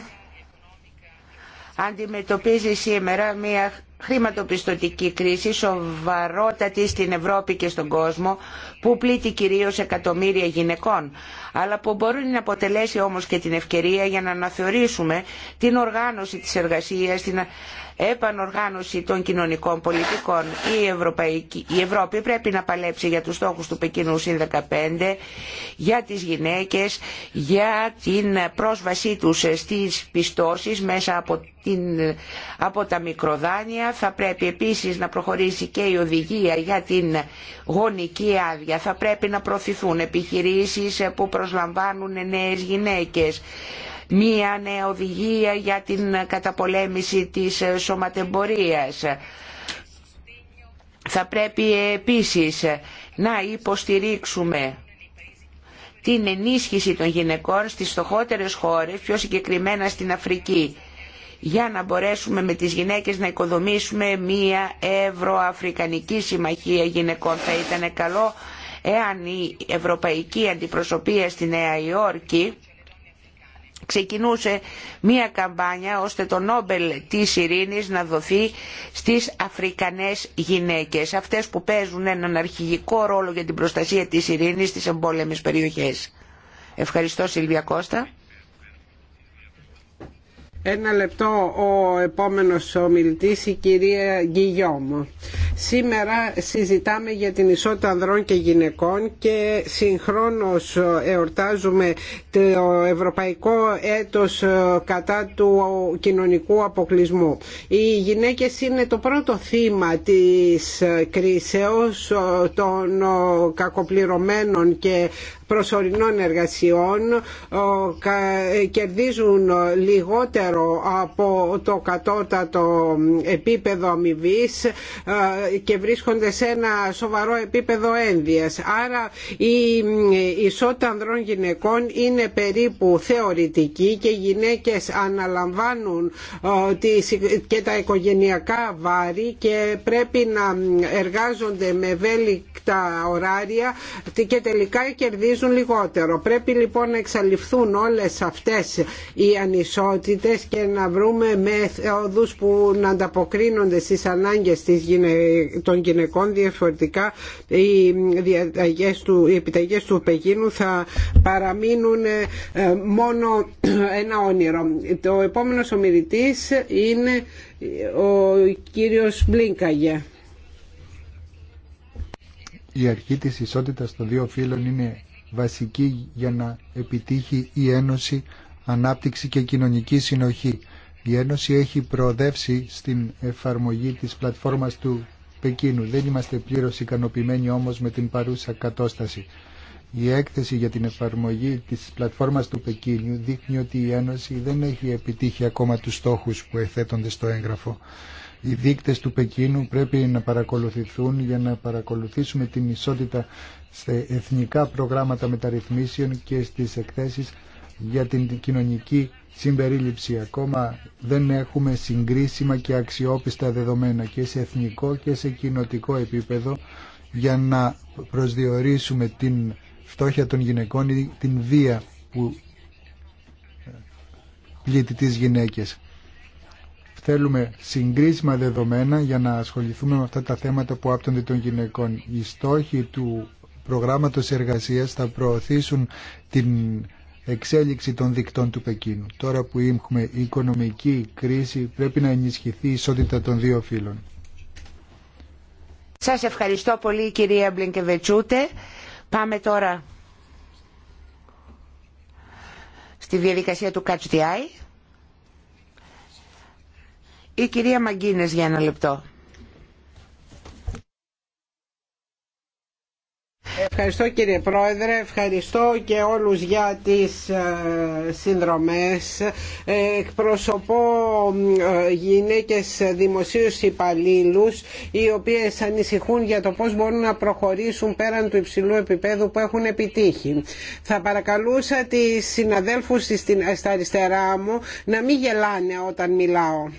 αντιμετωπίζει σήμερα μια χρηματοπιστωτική κρίση σοβαρότατη στην Ευρώπη και στον κόσμο που πλήττει κυρίως εκατομμύρια γυναικών αλλά που μπορεί να αποτελέσει όμως και την ευκαιρία για να αναθεωρήσουμε την οργάνωση της εργασίας, επανοργάνωση των κοινωνικών πολιτικών. Η, Ευρώπη πρέπει να παλέψει για τους στόχους του Πεκίνου ΣΥΝ 15, για τις γυναίκες, για την πρόσβασή τους στις πιστώσεις μέσα από, από τα μικροδάνεια. Θα πρέπει επίσης να προχωρήσει και η οδηγία για την γονική άδεια. Θα πρέπει να προωθηθούν επιχειρήσεις που προσλαμβάνουν νέες γυναίκες μία νέα οδηγία για την καταπολέμηση της σωματεμπορίας. Θα πρέπει επίσης να υποστηρίξουμε την ενίσχυση των γυναικών στις στοχότερες χώρες, πιο συγκεκριμένα στην Αφρική, για να μπορέσουμε με τις γυναίκες να οικοδομήσουμε μία ευρωαφρικανική συμμαχία γυναικών. Θα ήταν καλό εάν η ευρωπαϊκή αντιπροσωπεία στη Νέα Υόρκη ξεκινούσε μία καμπάνια ώστε το Νόμπελ της Ειρήνης να δοθεί στις Αφρικανές γυναίκες, αυτές που παίζουν έναν αρχηγικό ρόλο για την προστασία της ειρήνης στις εμπόλεμες περιοχές. Ευχαριστώ Σιλβία Κώστα. Ένα λεπτό ο επόμενος ομιλητής, η κυρία Γκυγιόμ. Σήμερα συζητάμε για την ισότητα ανδρών και γυναικών και συγχρόνως εορτάζουμε το Ευρωπαϊκό Έτος κατά του κοινωνικού αποκλεισμού. Οι γυναίκες είναι το πρώτο θύμα της κρίσεως των κακοπληρωμένων και προσωρινών εργασιών ε, κερδίζουν λιγότερο από το κατώτατο επίπεδο αμοιβή ε, και βρίσκονται σε ένα σοβαρό επίπεδο ένδυας. Άρα η ισότητα ανδρών γυναικών είναι περίπου θεωρητική και οι γυναίκες αναλαμβάνουν και τα οικογενειακά βάρη και πρέπει να εργάζονται με ευέλικτα ωράρια και τελικά κερδίζουν λιγότερο. Πρέπει λοιπόν να εξαλειφθούν όλες αυτές οι ανισότητες και να βρούμε μέθοδους που να ανταποκρίνονται στις ανάγκες των γυναικών διαφορετικά οι, διαταγές του, οι επιταγές του Πεκίνου θα παραμείνουν ε, μόνο ένα όνειρο. Το επόμενο ομιλητή είναι ο κύριος Μπλίνκαγε. Η αρχή της ισότητας των δύο φύλων είναι βασική για να επιτύχει η Ένωση Ανάπτυξη και Κοινωνική Συνοχή. Η Ένωση έχει προοδεύσει στην εφαρμογή της πλατφόρμας του Πεκίνου. Δεν είμαστε πλήρως ικανοποιημένοι όμως με την παρούσα κατάσταση. Η έκθεση για την εφαρμογή της πλατφόρμας του Πεκίνου δείχνει ότι η Ένωση δεν έχει επιτύχει ακόμα τους στόχους που εθέτονται στο έγγραφο. Οι δείκτες του Πεκίνου πρέπει να παρακολουθηθούν για να παρακολουθήσουμε την ισότητα σε εθνικά προγράμματα μεταρρυθμίσεων και στις εκθέσεις για την κοινωνική συμπερίληψη. Ακόμα δεν έχουμε συγκρίσιμα και αξιόπιστα δεδομένα και σε εθνικό και σε κοινοτικό επίπεδο για να προσδιορίσουμε την φτώχεια των γυναικών ή την βία που πλήττει τις γυναίκες. Θέλουμε συγκρίσιμα δεδομένα για να ασχοληθούμε με αυτά τα θέματα που άπτονται των γυναικών. Οι στόχοι του προγράμματος εργασίας θα προωθήσουν την εξέλιξη των δικτών του Πεκίνου. Τώρα που έχουμε οικονομική κρίση πρέπει να ενισχυθεί η ισότητα των δύο φύλων. Σας ευχαριστώ πολύ κυρία Μπλενκεβετσούτε. Πάμε τώρα στη διαδικασία του ΚΑΤΣΤΙΑΙ. Η κυρία Μαγκίνες για ένα λεπτό. Ευχαριστώ κύριε Πρόεδρε, ευχαριστώ και όλους για τις ε, συνδρομές. Ε, εκπροσωπώ ε, γυναίκες δημοσίου υπαλλήλου, οι οποίες ανησυχούν για το πώς μπορούν να προχωρήσουν πέραν του υψηλού επίπεδου που έχουν επιτύχει. Θα παρακαλούσα τις συναδέλφους στα αριστερά μου να μην γελάνε όταν μιλάω.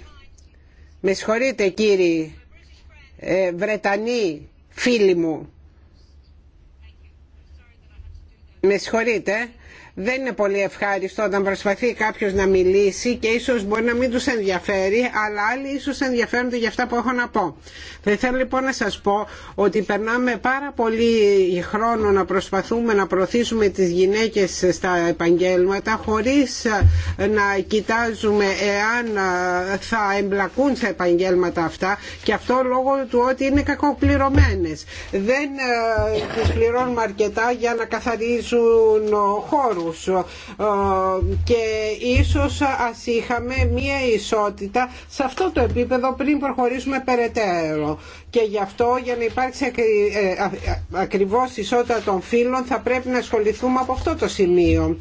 Με συγχωρείτε κύριοι Βρετανοί φίλοι μου. Με συγχωρείτε δεν είναι πολύ ευχάριστο όταν προσπαθεί κάποιος να μιλήσει και ίσως μπορεί να μην τους ενδιαφέρει αλλά άλλοι ίσως ενδιαφέρονται για αυτά που έχω να πω. Θα ήθελα λοιπόν να σας πω ότι περνάμε πάρα πολύ χρόνο να προσπαθούμε να προωθήσουμε τις γυναίκες στα επαγγέλματα χωρίς να κοιτάζουμε εάν θα εμπλακούν στα επαγγέλματα αυτά και αυτό λόγω του ότι είναι κακοπληρωμένες. Δεν ε, τις πληρώνουμε αρκετά για να καθαρίζουν χώρου. Ε, και ίσως ας είχαμε μία ισότητα σε αυτό το επίπεδο πριν προχωρήσουμε περαιτέρω και γι' αυτό για να υπάρξει ε, ακριβώς ισότητα των φύλων θα πρέπει να ασχοληθούμε από αυτό το σημείο.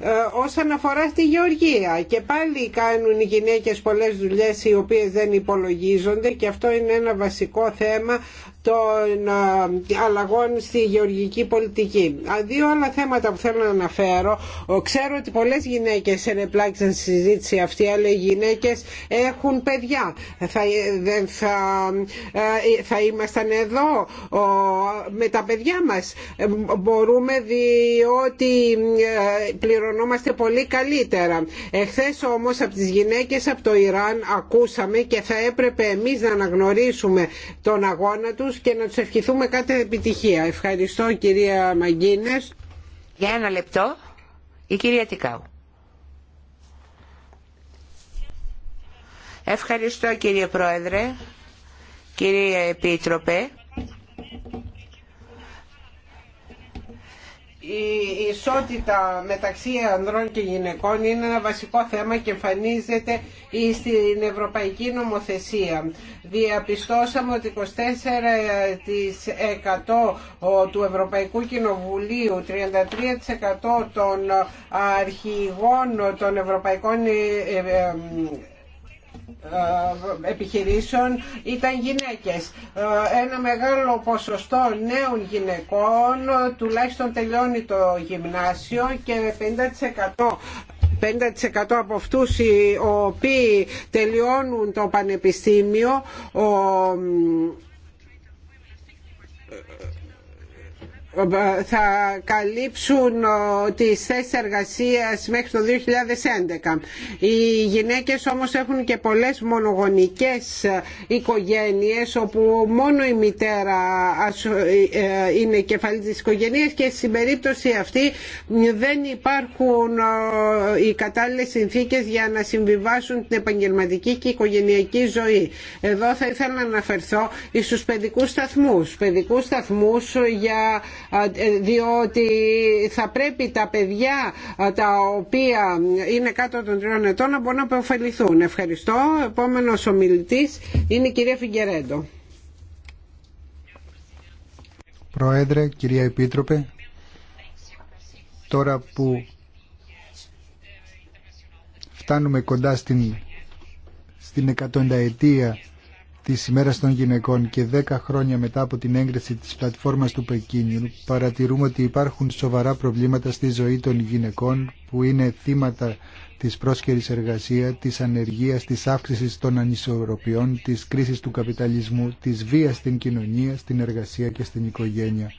Ε, όσον αφορά στη γεωργία και πάλι κάνουν οι γυναίκες πολλές δουλειές οι οποίες δεν υπολογίζονται και αυτό είναι ένα βασικό θέμα των αλλαγών στη γεωργική πολιτική. Δύο άλλα θέματα που θέλω να αναφέρω. Ξέρω ότι πολλές γυναίκες ενεπλάκησαν στη συζήτηση αυτή, αλλά οι γυναίκε έχουν παιδιά. Θα, ε, δεν θα, ε, θα ήμασταν εδώ με τα παιδιά μας. Ε, μπορούμε διότι πληρωνόμαστε πολύ καλύτερα. Εχθέ όμως από τις γυναίκες από το Ιράν ακούσαμε και θα έπρεπε εμεί να αναγνωρίσουμε τον αγώνα τους και να τους ευχηθούμε κάθε επιτυχία. Ευχαριστώ κυρία Μαγκίνες. Για ένα λεπτό η κυρία Τικάου. Ευχαριστώ κύριε Πρόεδρε, κύριε Επίτροπε η ισότητα μεταξύ ανδρών και γυναικών είναι ένα βασικό θέμα και εμφανίζεται στην Ευρωπαϊκή Νομοθεσία. Διαπιστώσαμε ότι 24% του Ευρωπαϊκού Κοινοβουλίου, 33% των αρχηγών των Ευρωπαϊκών ε, ε, ε, επιχειρήσεων ήταν γυναίκες. Ε, ένα μεγάλο ποσοστό νέων γυναικών ε, τουλάχιστον τελειώνει το γυμνάσιο και 50% 50% από αυτούς οι οποίοι τελειώνουν το πανεπιστήμιο θα καλύψουν τις θέσεις εργασίας μέχρι το 2011. Οι γυναίκες όμως έχουν και πολλές μονογονικές ε, οικογένειες όπου μόνο η μητέρα ε, ε, είναι κεφαλή της οικογένειας και στην περίπτωση αυτή δεν υπάρχουν οι κατάλληλες συνθήκες για να συμβιβάσουν την επαγγελματική και οικογενειακή ζωή. Εδώ θα ήθελα να αναφερθώ στους παιδικούς σταθμούς. Παιδικούς σταθμούς για ε, διότι θα πρέπει τα παιδιά τα οποία είναι κάτω των τριών ετών να μπορούν να αποφεληθούν. Ευχαριστώ. Επόμενος ομιλητής είναι η κυρία Φιγκερέντο. Προέδρε, κυρία Επίτροπε, τώρα που φτάνουμε κοντά στην, στην εκατονταετία της ημέρας των γυναικών και δέκα χρόνια μετά από την έγκριση της πλατφόρμας του Πεκίνιου παρατηρούμε ότι υπάρχουν σοβαρά προβλήματα στη ζωή των γυναικών που είναι θύματα της πρόσχερης εργασία, της ανεργίας, της αύξησης των ανισορροπιών, της κρίσης του καπιταλισμού, της βίας στην κοινωνία, στην εργασία και στην οικογένεια.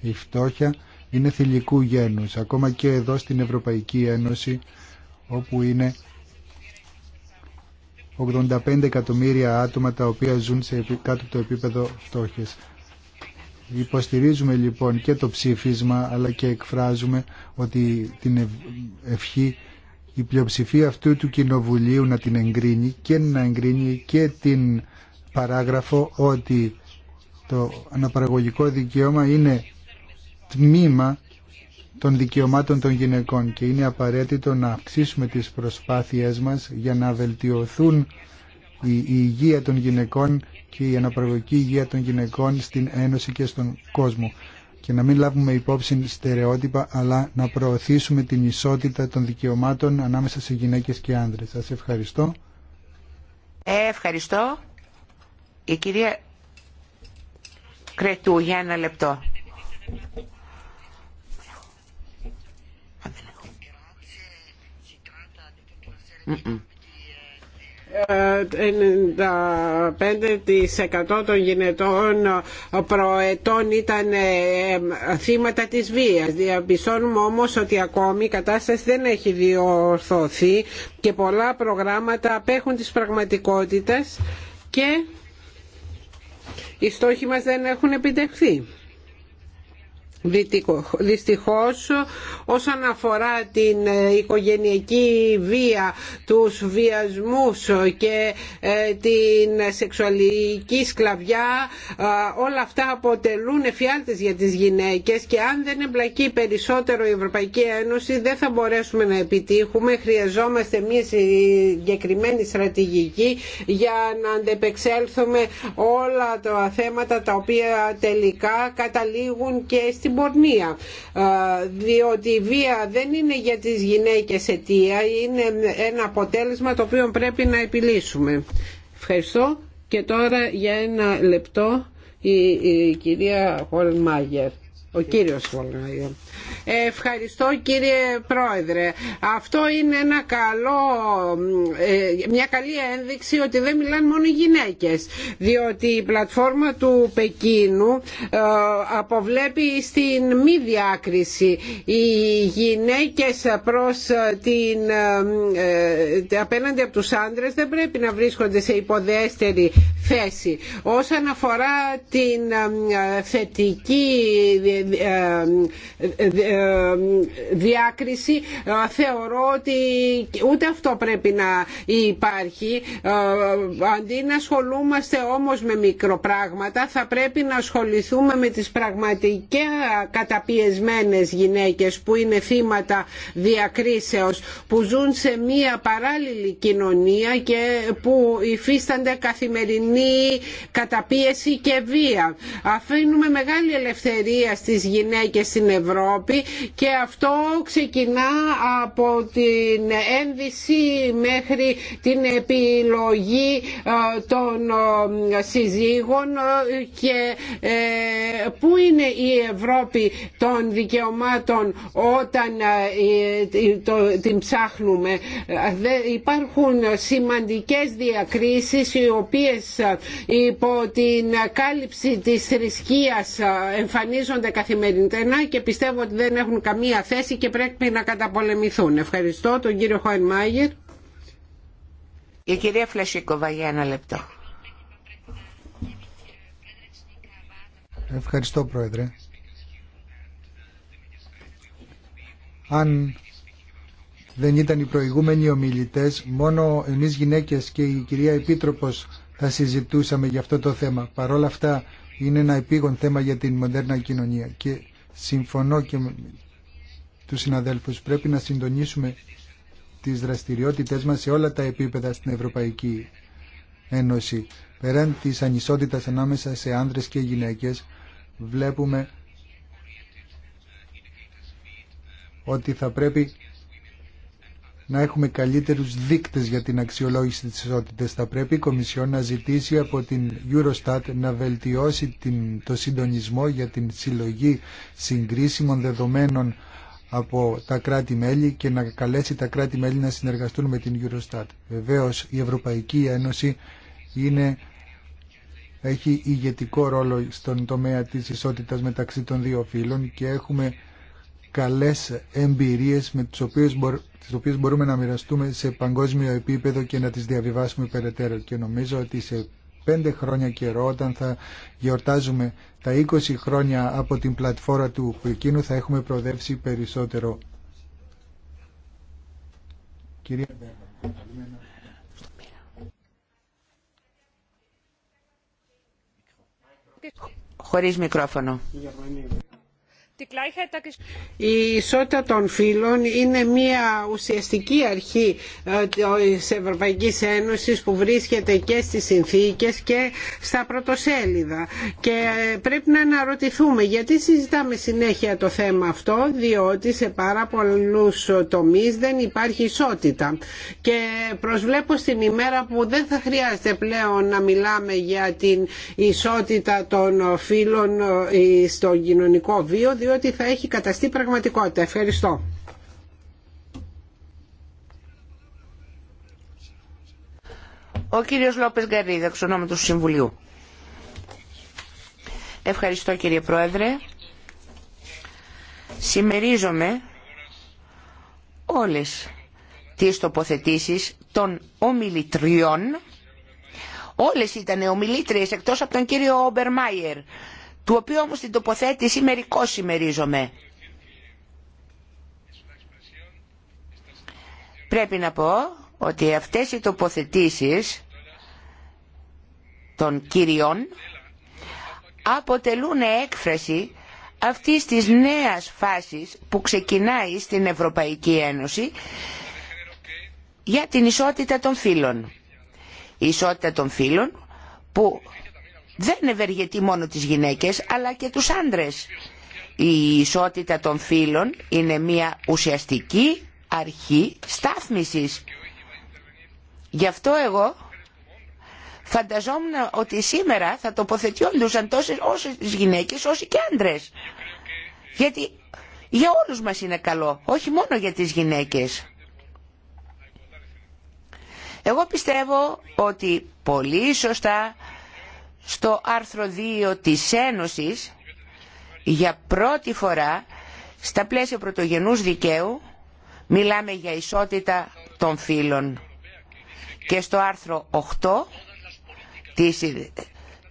Η φτώχεια είναι θηλυκού γένους, ακόμα και εδώ στην Ευρωπαϊκή Ένωση, όπου είναι 85 εκατομμύρια άτομα τα οποία ζουν σε κάτω από το επίπεδο φτώχειας. Υποστηρίζουμε λοιπόν και το ψήφισμα αλλά και εκφράζουμε ότι την ευχή η πλειοψηφία αυτού του κοινοβουλίου να την εγκρίνει και να εγκρίνει και την παράγραφο ότι το αναπαραγωγικό δικαίωμα είναι τμήμα των δικαιωμάτων των γυναικών και είναι απαραίτητο να αυξήσουμε τις προσπάθειές μας για να βελτιωθούν η υγεία των γυναικών και η αναπαραγωγική υγεία των γυναικών στην Ένωση και στον κόσμο και να μην λάβουμε υπόψη στερεότυπα αλλά να προωθήσουμε την ισότητα των δικαιωμάτων ανάμεσα σε γυναίκες και άνδρες. Σας ευχαριστώ. ευχαριστώ. Η κυρία Κρετού για ένα λεπτό. 95% ε, των γυναιτών προετών ήταν ε, θύματα της βίας. Διαπιστώνουμε όμως ότι ακόμη η κατάσταση δεν έχει διορθωθεί και πολλά προγράμματα απέχουν της πραγματικότητας και οι στόχοι μας δεν έχουν επιτευχθεί. Δυστυχώς όσον αφορά την ε, οικογενειακή βία, τους βιασμούς και ε, την σεξουαλική σκλαβιά ε, όλα αυτά αποτελούν εφιάλτες για τις γυναίκες και αν δεν εμπλακεί περισσότερο η Ευρωπαϊκή Ένωση δεν θα μπορέσουμε να επιτύχουμε. Χρειαζόμαστε μια συγκεκριμένη στρατηγική για να αντεπεξέλθουμε όλα τα θέματα τα οποία τελικά καταλήγουν και στην πορνεία ε, διότι η βία δεν είναι για τις γυναίκες αιτία είναι ένα αποτέλεσμα το οποίο πρέπει να επιλύσουμε Ευχαριστώ και τώρα για ένα λεπτό η, η κυρία Χολμάγερ ο κύριος Χολμάγερ Ευχαριστώ κύριε Πρόεδρε. Αυτό είναι ένα καλό, ε, μια καλή ένδειξη ότι δεν μιλάνε μόνο οι γυναίκες, διότι η πλατφόρμα του Πεκίνου ε, αποβλέπει στην μη διάκριση. Οι γυναίκες προς ε, την, απέναντι από τους άντρες δεν πρέπει να βρίσκονται σε υποδέστερη θέση. Όσον αφορά την θετική διάκριση ε, θεωρώ ότι ούτε αυτό πρέπει να υπάρχει ε, αντί να ασχολούμαστε όμως με μικροπράγματα θα πρέπει να ασχοληθούμε με τις πραγματικά καταπιεσμένες γυναίκες που είναι θύματα διακρίσεως που ζουν σε μία παράλληλη κοινωνία και που υφίστανται καθημερινή καταπίεση και βία αφήνουμε μεγάλη ελευθερία στις γυναίκες στην Ευρώπη και αυτό ξεκινά από την ένδυση μέχρι την επιλογή ε, των ε, συζύγων ε, και πού είναι η Ευρώπη των δικαιωμάτων όταν την ψάχνουμε. Υπάρχουν σημαντικές διακρίσεις οι οποίες υπό την κάλυψη της θρησκείας εμφανίζονται καθημερινά και πιστεύω ότι δεν έχουν καμία θέση και πρέπει να καταπολεμηθούν. Ευχαριστώ τον κύριο Μάγερ. Η κυρία Φλασίκοβα για ένα λεπτό. Ευχαριστώ Πρόεδρε. Αν δεν ήταν οι προηγούμενοι ομιλητές, μόνο εμείς γυναίκες και η κυρία Επίτροπος θα συζητούσαμε για αυτό το θέμα. Παρόλα αυτά είναι ένα επίγον θέμα για την μοντέρνα κοινωνία και συμφωνώ και με τους συναδέλφους, πρέπει να συντονίσουμε τις δραστηριότητες μας σε όλα τα επίπεδα στην Ευρωπαϊκή Ένωση. Πέραν της ανισότητας ανάμεσα σε άνδρες και γυναίκες, βλέπουμε ότι θα πρέπει να έχουμε καλύτερους δείκτες για την αξιολόγηση της ισότητας. Θα πρέπει η Κομισιόν να ζητήσει από την Eurostat να βελτιώσει την, το συντονισμό για την συλλογή συγκρίσιμων δεδομένων από τα κράτη-μέλη και να καλέσει τα κράτη-μέλη να συνεργαστούν με την Eurostat. Βεβαίως η Ευρωπαϊκή Ένωση έχει ηγετικό ρόλο στον τομέα της ισότητας μεταξύ των δύο φύλων και έχουμε καλές εμπειρίες με τις οποίες, μπορούμε, τις οποίες μπορούμε να μοιραστούμε σε παγκόσμιο επίπεδο και να τις διαβιβάσουμε περαιτέρω. Και νομίζω ότι σε πέντε χρόνια καιρό όταν θα γιορτάζουμε τα 20 χρόνια από την πλατφόρα του Πεκίνου, θα έχουμε προοδεύσει περισσότερο. Κυρία Χωρίς μικρόφωνο. Η ισότητα των φύλων είναι μια ουσιαστική αρχή ε, της Ευρωπαϊκής Ένωσης που βρίσκεται και στις συνθήκες και στα πρωτοσέλιδα. Και ε, πρέπει να αναρωτηθούμε γιατί συζητάμε συνέχεια το θέμα αυτό, διότι σε πάρα πολλούς τομείς δεν υπάρχει ισότητα. Και προσβλέπω στην ημέρα που δεν θα χρειάζεται πλέον να μιλάμε για την ισότητα των φύλων ε, στο κοινωνικό βίο, διότι θα έχει καταστεί πραγματικότητα. Ευχαριστώ. Ο κύριος Λόπες Γκαρίδα, ξενόμενο του Συμβουλίου. Ευχαριστώ κύριε Πρόεδρε. Σημερίζομαι όλες τις τοποθετήσεις των ομιλητριών. Όλες ήταν ομιλήτριες εκτός από τον κύριο Όμπερ του οποίου όμως την τοποθέτηση μερικώς συμμερίζομαι. Πρέπει να πω ότι αυτές οι τοποθετήσεις των κυριών αποτελούν έκφραση αυτής της νέας φάσης που ξεκινάει στην Ευρωπαϊκή Ένωση για την ισότητα των φύλων. Η ισότητα των φύλων που δεν ευεργετεί μόνο τις γυναίκες αλλά και τους άντρες. Η ισότητα των φίλων... είναι μια ουσιαστική αρχή στάθμισης. Γι' αυτό εγώ φανταζόμουν ότι σήμερα θα τοποθετιόντουσαν τόσες όσες γυναίκες όσοι και άντρες. Γιατί για όλους μας είναι καλό, όχι μόνο για τις γυναίκες. Εγώ πιστεύω ότι πολύ σωστά στο άρθρο 2 της Ένωσης για πρώτη φορά στα πλαίσια πρωτογενούς δικαίου μιλάμε για ισότητα των φύλων και στο άρθρο 8 της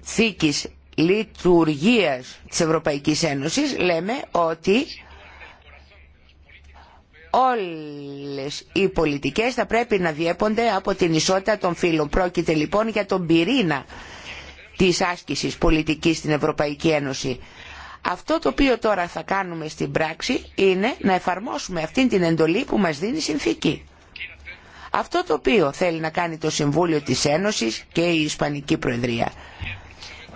θήκης λειτουργίας της Ευρωπαϊκής Ένωσης λέμε ότι όλες οι πολιτικές θα πρέπει να διέπονται από την ισότητα των φύλων. Πρόκειται λοιπόν για τον πυρήνα της άσκησης πολιτικής στην Ευρωπαϊκή Ένωση. Αυτό το οποίο τώρα θα κάνουμε στην πράξη είναι να εφαρμόσουμε αυτή την εντολή που μας δίνει η συνθήκη. Αυτό το οποίο θέλει να κάνει το Συμβούλιο της Ένωσης και η Ισπανική Προεδρία.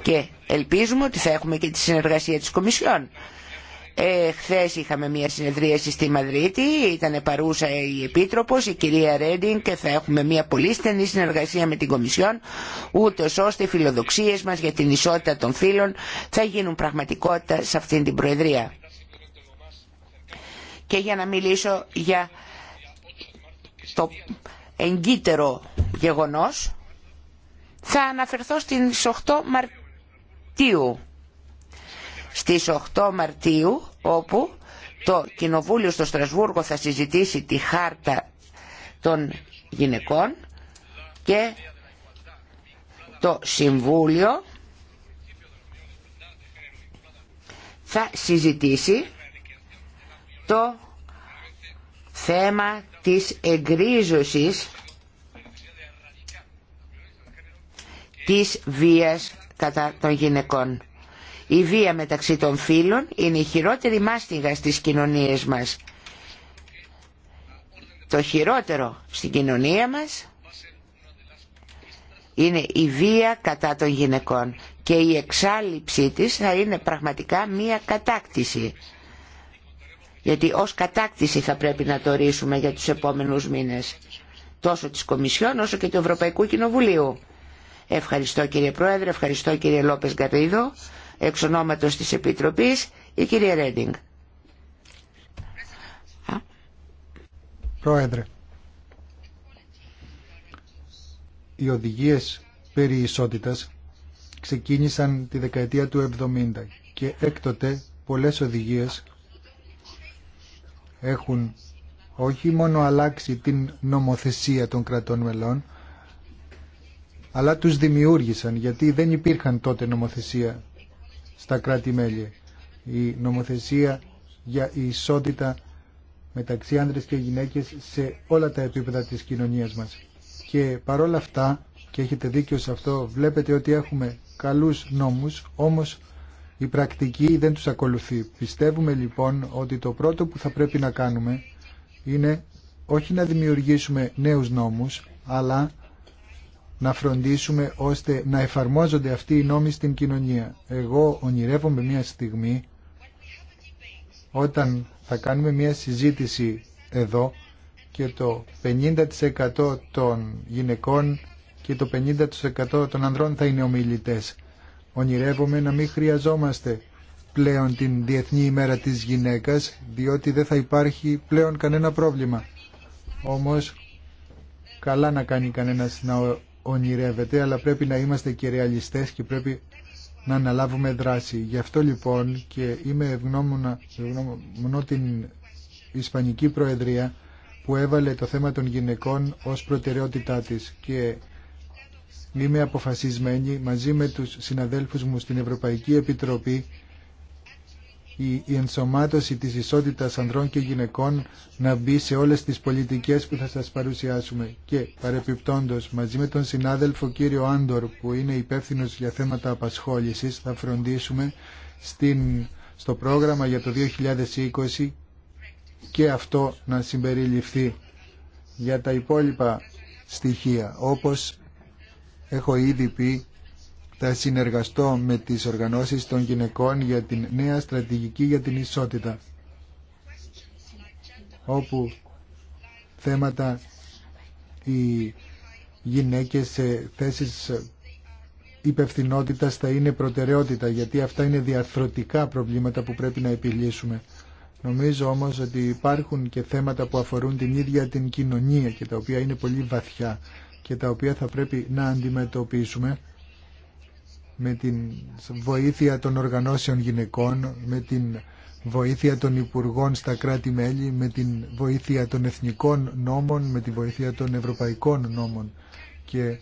Και ελπίζουμε ότι θα έχουμε και τη συνεργασία της Κομισιόν. Ε, Χθε είχαμε μια συνεδρία στη Μαδρίτη, ήταν παρούσα η Επίτροπος, η κυρία Ρέντιν και θα έχουμε μια πολύ στενή συνεργασία με την Κομισιόν, ούτω ώστε οι φιλοδοξίες μας για την ισότητα των φύλων θα γίνουν πραγματικότητα σε αυτή την Προεδρία. Και για να μιλήσω για το εγκύτερο γεγονός, θα αναφερθώ στις 8 Μαρτίου. Στις 8 Μαρτίου όπου το Κοινοβούλιο στο Στρασβούργο θα συζητήσει τη χάρτα των γυναικών και το Συμβούλιο θα συζητήσει το θέμα της εγκρίζωσης της βίας κατά των γυναικών. Η βία μεταξύ των φίλων είναι η χειρότερη μάστιγα στις κοινωνίες μας. Το χειρότερο στην κοινωνία μας είναι η βία κατά των γυναικών και η εξάλληψή της θα είναι πραγματικά μία κατάκτηση. Γιατί ως κατάκτηση θα πρέπει να το ρίσουμε για τους επόμενους μήνες. Τόσο της Κομισιόν όσο και του Ευρωπαϊκού Κοινοβουλίου. Ευχαριστώ κύριε Πρόεδρε, ευχαριστώ κύριε Λόπες Γκαρίδο εξ ονόματος της Επιτροπής η κυρία Ρέντινγκ. Πρόεδρε, οι οδηγίες περί ισότητας ξεκίνησαν τη δεκαετία του 70 και έκτοτε πολλές οδηγίες έχουν όχι μόνο αλλάξει την νομοθεσία των κρατών μελών, αλλά τους δημιούργησαν γιατί δεν υπήρχαν τότε νομοθεσία στα κράτη-μέλη. Η νομοθεσία για ισότητα μεταξύ άντρες και γυναίκες σε όλα τα επίπεδα της κοινωνίας μας. Και παρόλα αυτά, και έχετε δίκιο σε αυτό, βλέπετε ότι έχουμε καλούς νόμους, όμως η πρακτική δεν τους ακολουθεί. Πιστεύουμε λοιπόν ότι το πρώτο που θα πρέπει να κάνουμε είναι όχι να δημιουργήσουμε νέους νόμους, αλλά να φροντίσουμε ώστε να εφαρμόζονται αυτοί οι νόμοι στην κοινωνία. Εγώ ονειρεύομαι μια στιγμή όταν θα κάνουμε μια συζήτηση εδώ και το 50% των γυναικών και το 50% των ανδρών θα είναι ομιλητές. Ονειρεύομαι να μην χρειαζόμαστε πλέον την Διεθνή ημέρα της γυναίκας διότι δεν θα υπάρχει πλέον κανένα πρόβλημα. Όμως καλά να κάνει κανένας να ονειρεύεται, αλλά πρέπει να είμαστε και ρεαλιστές και πρέπει να αναλάβουμε δράση. Γι' αυτό λοιπόν και είμαι ευγνώμων την Ισπανική Προεδρία που έβαλε το θέμα των γυναικών ως προτεραιότητά της και είμαι αποφασισμένη μαζί με τους συναδέλφους μου στην Ευρωπαϊκή Επιτροπή η ενσωμάτωση της ισότητας ανδρών και γυναικών να μπει σε όλες τις πολιτικές που θα σας παρουσιάσουμε. Και παρεπιπτόντος, μαζί με τον συνάδελφο κύριο Άντορ που είναι υπεύθυνο για θέματα απασχόλησης, θα φροντίσουμε στην, στο πρόγραμμα για το 2020 και αυτό να συμπεριληφθεί για τα υπόλοιπα στοιχεία. Όπως έχω ήδη πει, θα συνεργαστώ με τις οργανώσεις των γυναικών για την νέα στρατηγική για την ισότητα όπου θέματα οι γυναίκες σε θέσεις υπευθυνότητας θα είναι προτεραιότητα γιατί αυτά είναι διαρθρωτικά προβλήματα που πρέπει να επιλύσουμε. Νομίζω όμως ότι υπάρχουν και θέματα που αφορούν την ίδια την κοινωνία και τα οποία είναι πολύ βαθιά και τα οποία θα πρέπει να αντιμετωπίσουμε με την βοήθεια των οργανώσεων γυναικών, με την βοήθεια των υπουργών στα κράτη-μέλη, με την βοήθεια των εθνικών νόμων, με την βοήθεια των ευρωπαϊκών νόμων. Και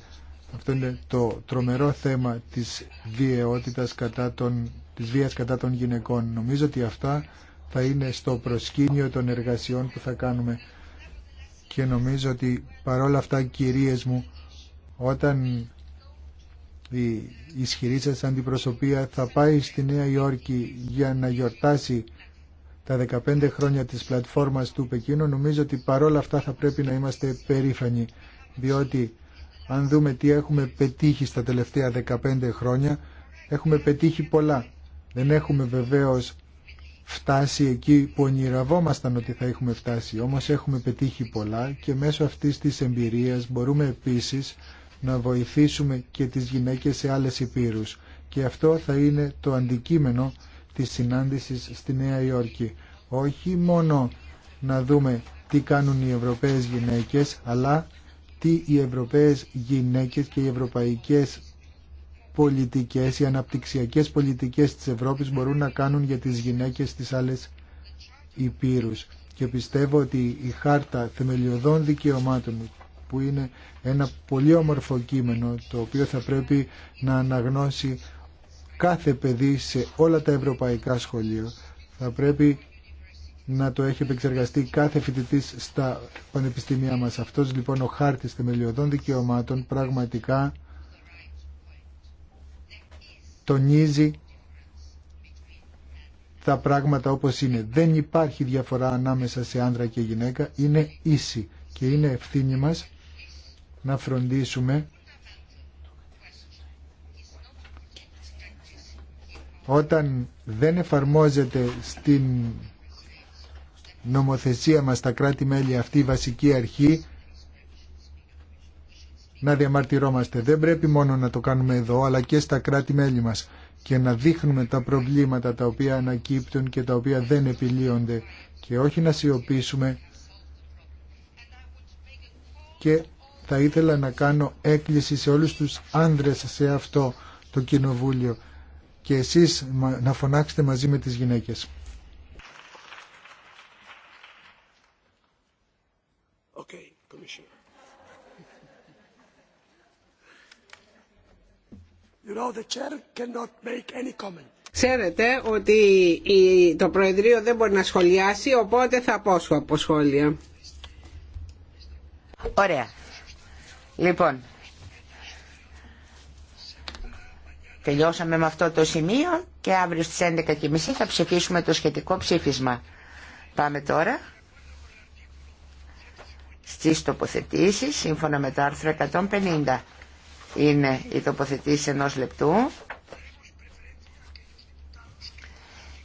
αυτό είναι το τρομερό θέμα της βιαιότητας κατά των, της βίας κατά των γυναικών. Νομίζω ότι αυτά θα είναι στο προσκήνιο των εργασιών που θα κάνουμε και νομίζω ότι παρόλα αυτά κυρίες μου όταν η ισχυρή σας αντιπροσωπεία θα πάει στη Νέα Υόρκη για να γιορτάσει τα 15 χρόνια της πλατφόρμας του Πεκίνου. Νομίζω ότι παρόλα αυτά θα πρέπει να είμαστε περήφανοι, διότι αν δούμε τι έχουμε πετύχει στα τελευταία 15 χρόνια, έχουμε πετύχει πολλά. Δεν έχουμε βεβαίως φτάσει εκεί που ονειραβόμασταν ότι θα έχουμε φτάσει, όμως έχουμε πετύχει πολλά και μέσω αυτής της εμπειρίας μπορούμε επίσης να βοηθήσουμε και τις γυναίκες σε άλλες υπήρους. Και αυτό θα είναι το αντικείμενο της συνάντησης στη Νέα Υόρκη. Όχι μόνο να δούμε τι κάνουν οι Ευρωπαίες γυναίκες, αλλά τι οι Ευρωπαίες γυναίκες και οι ευρωπαϊκές πολιτικές, οι αναπτυξιακές πολιτικές της Ευρώπης μπορούν να κάνουν για τις γυναίκες της άλλες υπήρους. Και πιστεύω ότι η χάρτα θεμελιωδών δικαιωμάτων που είναι ένα πολύ όμορφο κείμενο το οποίο θα πρέπει να αναγνώσει κάθε παιδί σε όλα τα ευρωπαϊκά σχολεία. Θα πρέπει να το έχει επεξεργαστεί κάθε φοιτητή στα πανεπιστήμια μας. Αυτός λοιπόν ο χάρτης θεμελιωδών δικαιωμάτων πραγματικά τονίζει τα πράγματα όπως είναι. Δεν υπάρχει διαφορά ανάμεσα σε άντρα και γυναίκα, είναι ίση και είναι ευθύνη μας να φροντίσουμε όταν δεν εφαρμόζεται στην νομοθεσία μας τα κράτη-μέλη αυτή η βασική αρχή να διαμαρτυρόμαστε. Δεν πρέπει μόνο να το κάνουμε εδώ αλλά και στα κράτη-μέλη μας και να δείχνουμε τα προβλήματα τα οποία ανακύπτουν και τα οποία δεν επιλύονται και όχι να σιωπήσουμε και θα ήθελα να κάνω έκκληση σε όλους τους άνδρες σε αυτό το κοινοβούλιο και εσείς να φωνάξετε μαζί με τις γυναίκες. Ξέρετε ότι το Προεδρείο δεν μπορεί να σχολιάσει, οπότε θα πω από σχόλια. Ωραία. Λοιπόν, τελειώσαμε με αυτό το σημείο και αύριο στις 11.30 θα ψηφίσουμε το σχετικό ψήφισμα. Πάμε τώρα στις τοποθετήσεις, σύμφωνα με το άρθρο 150. Είναι η τοποθετήση ενός λεπτού.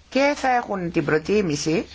Και θα έχουν την προτίμηση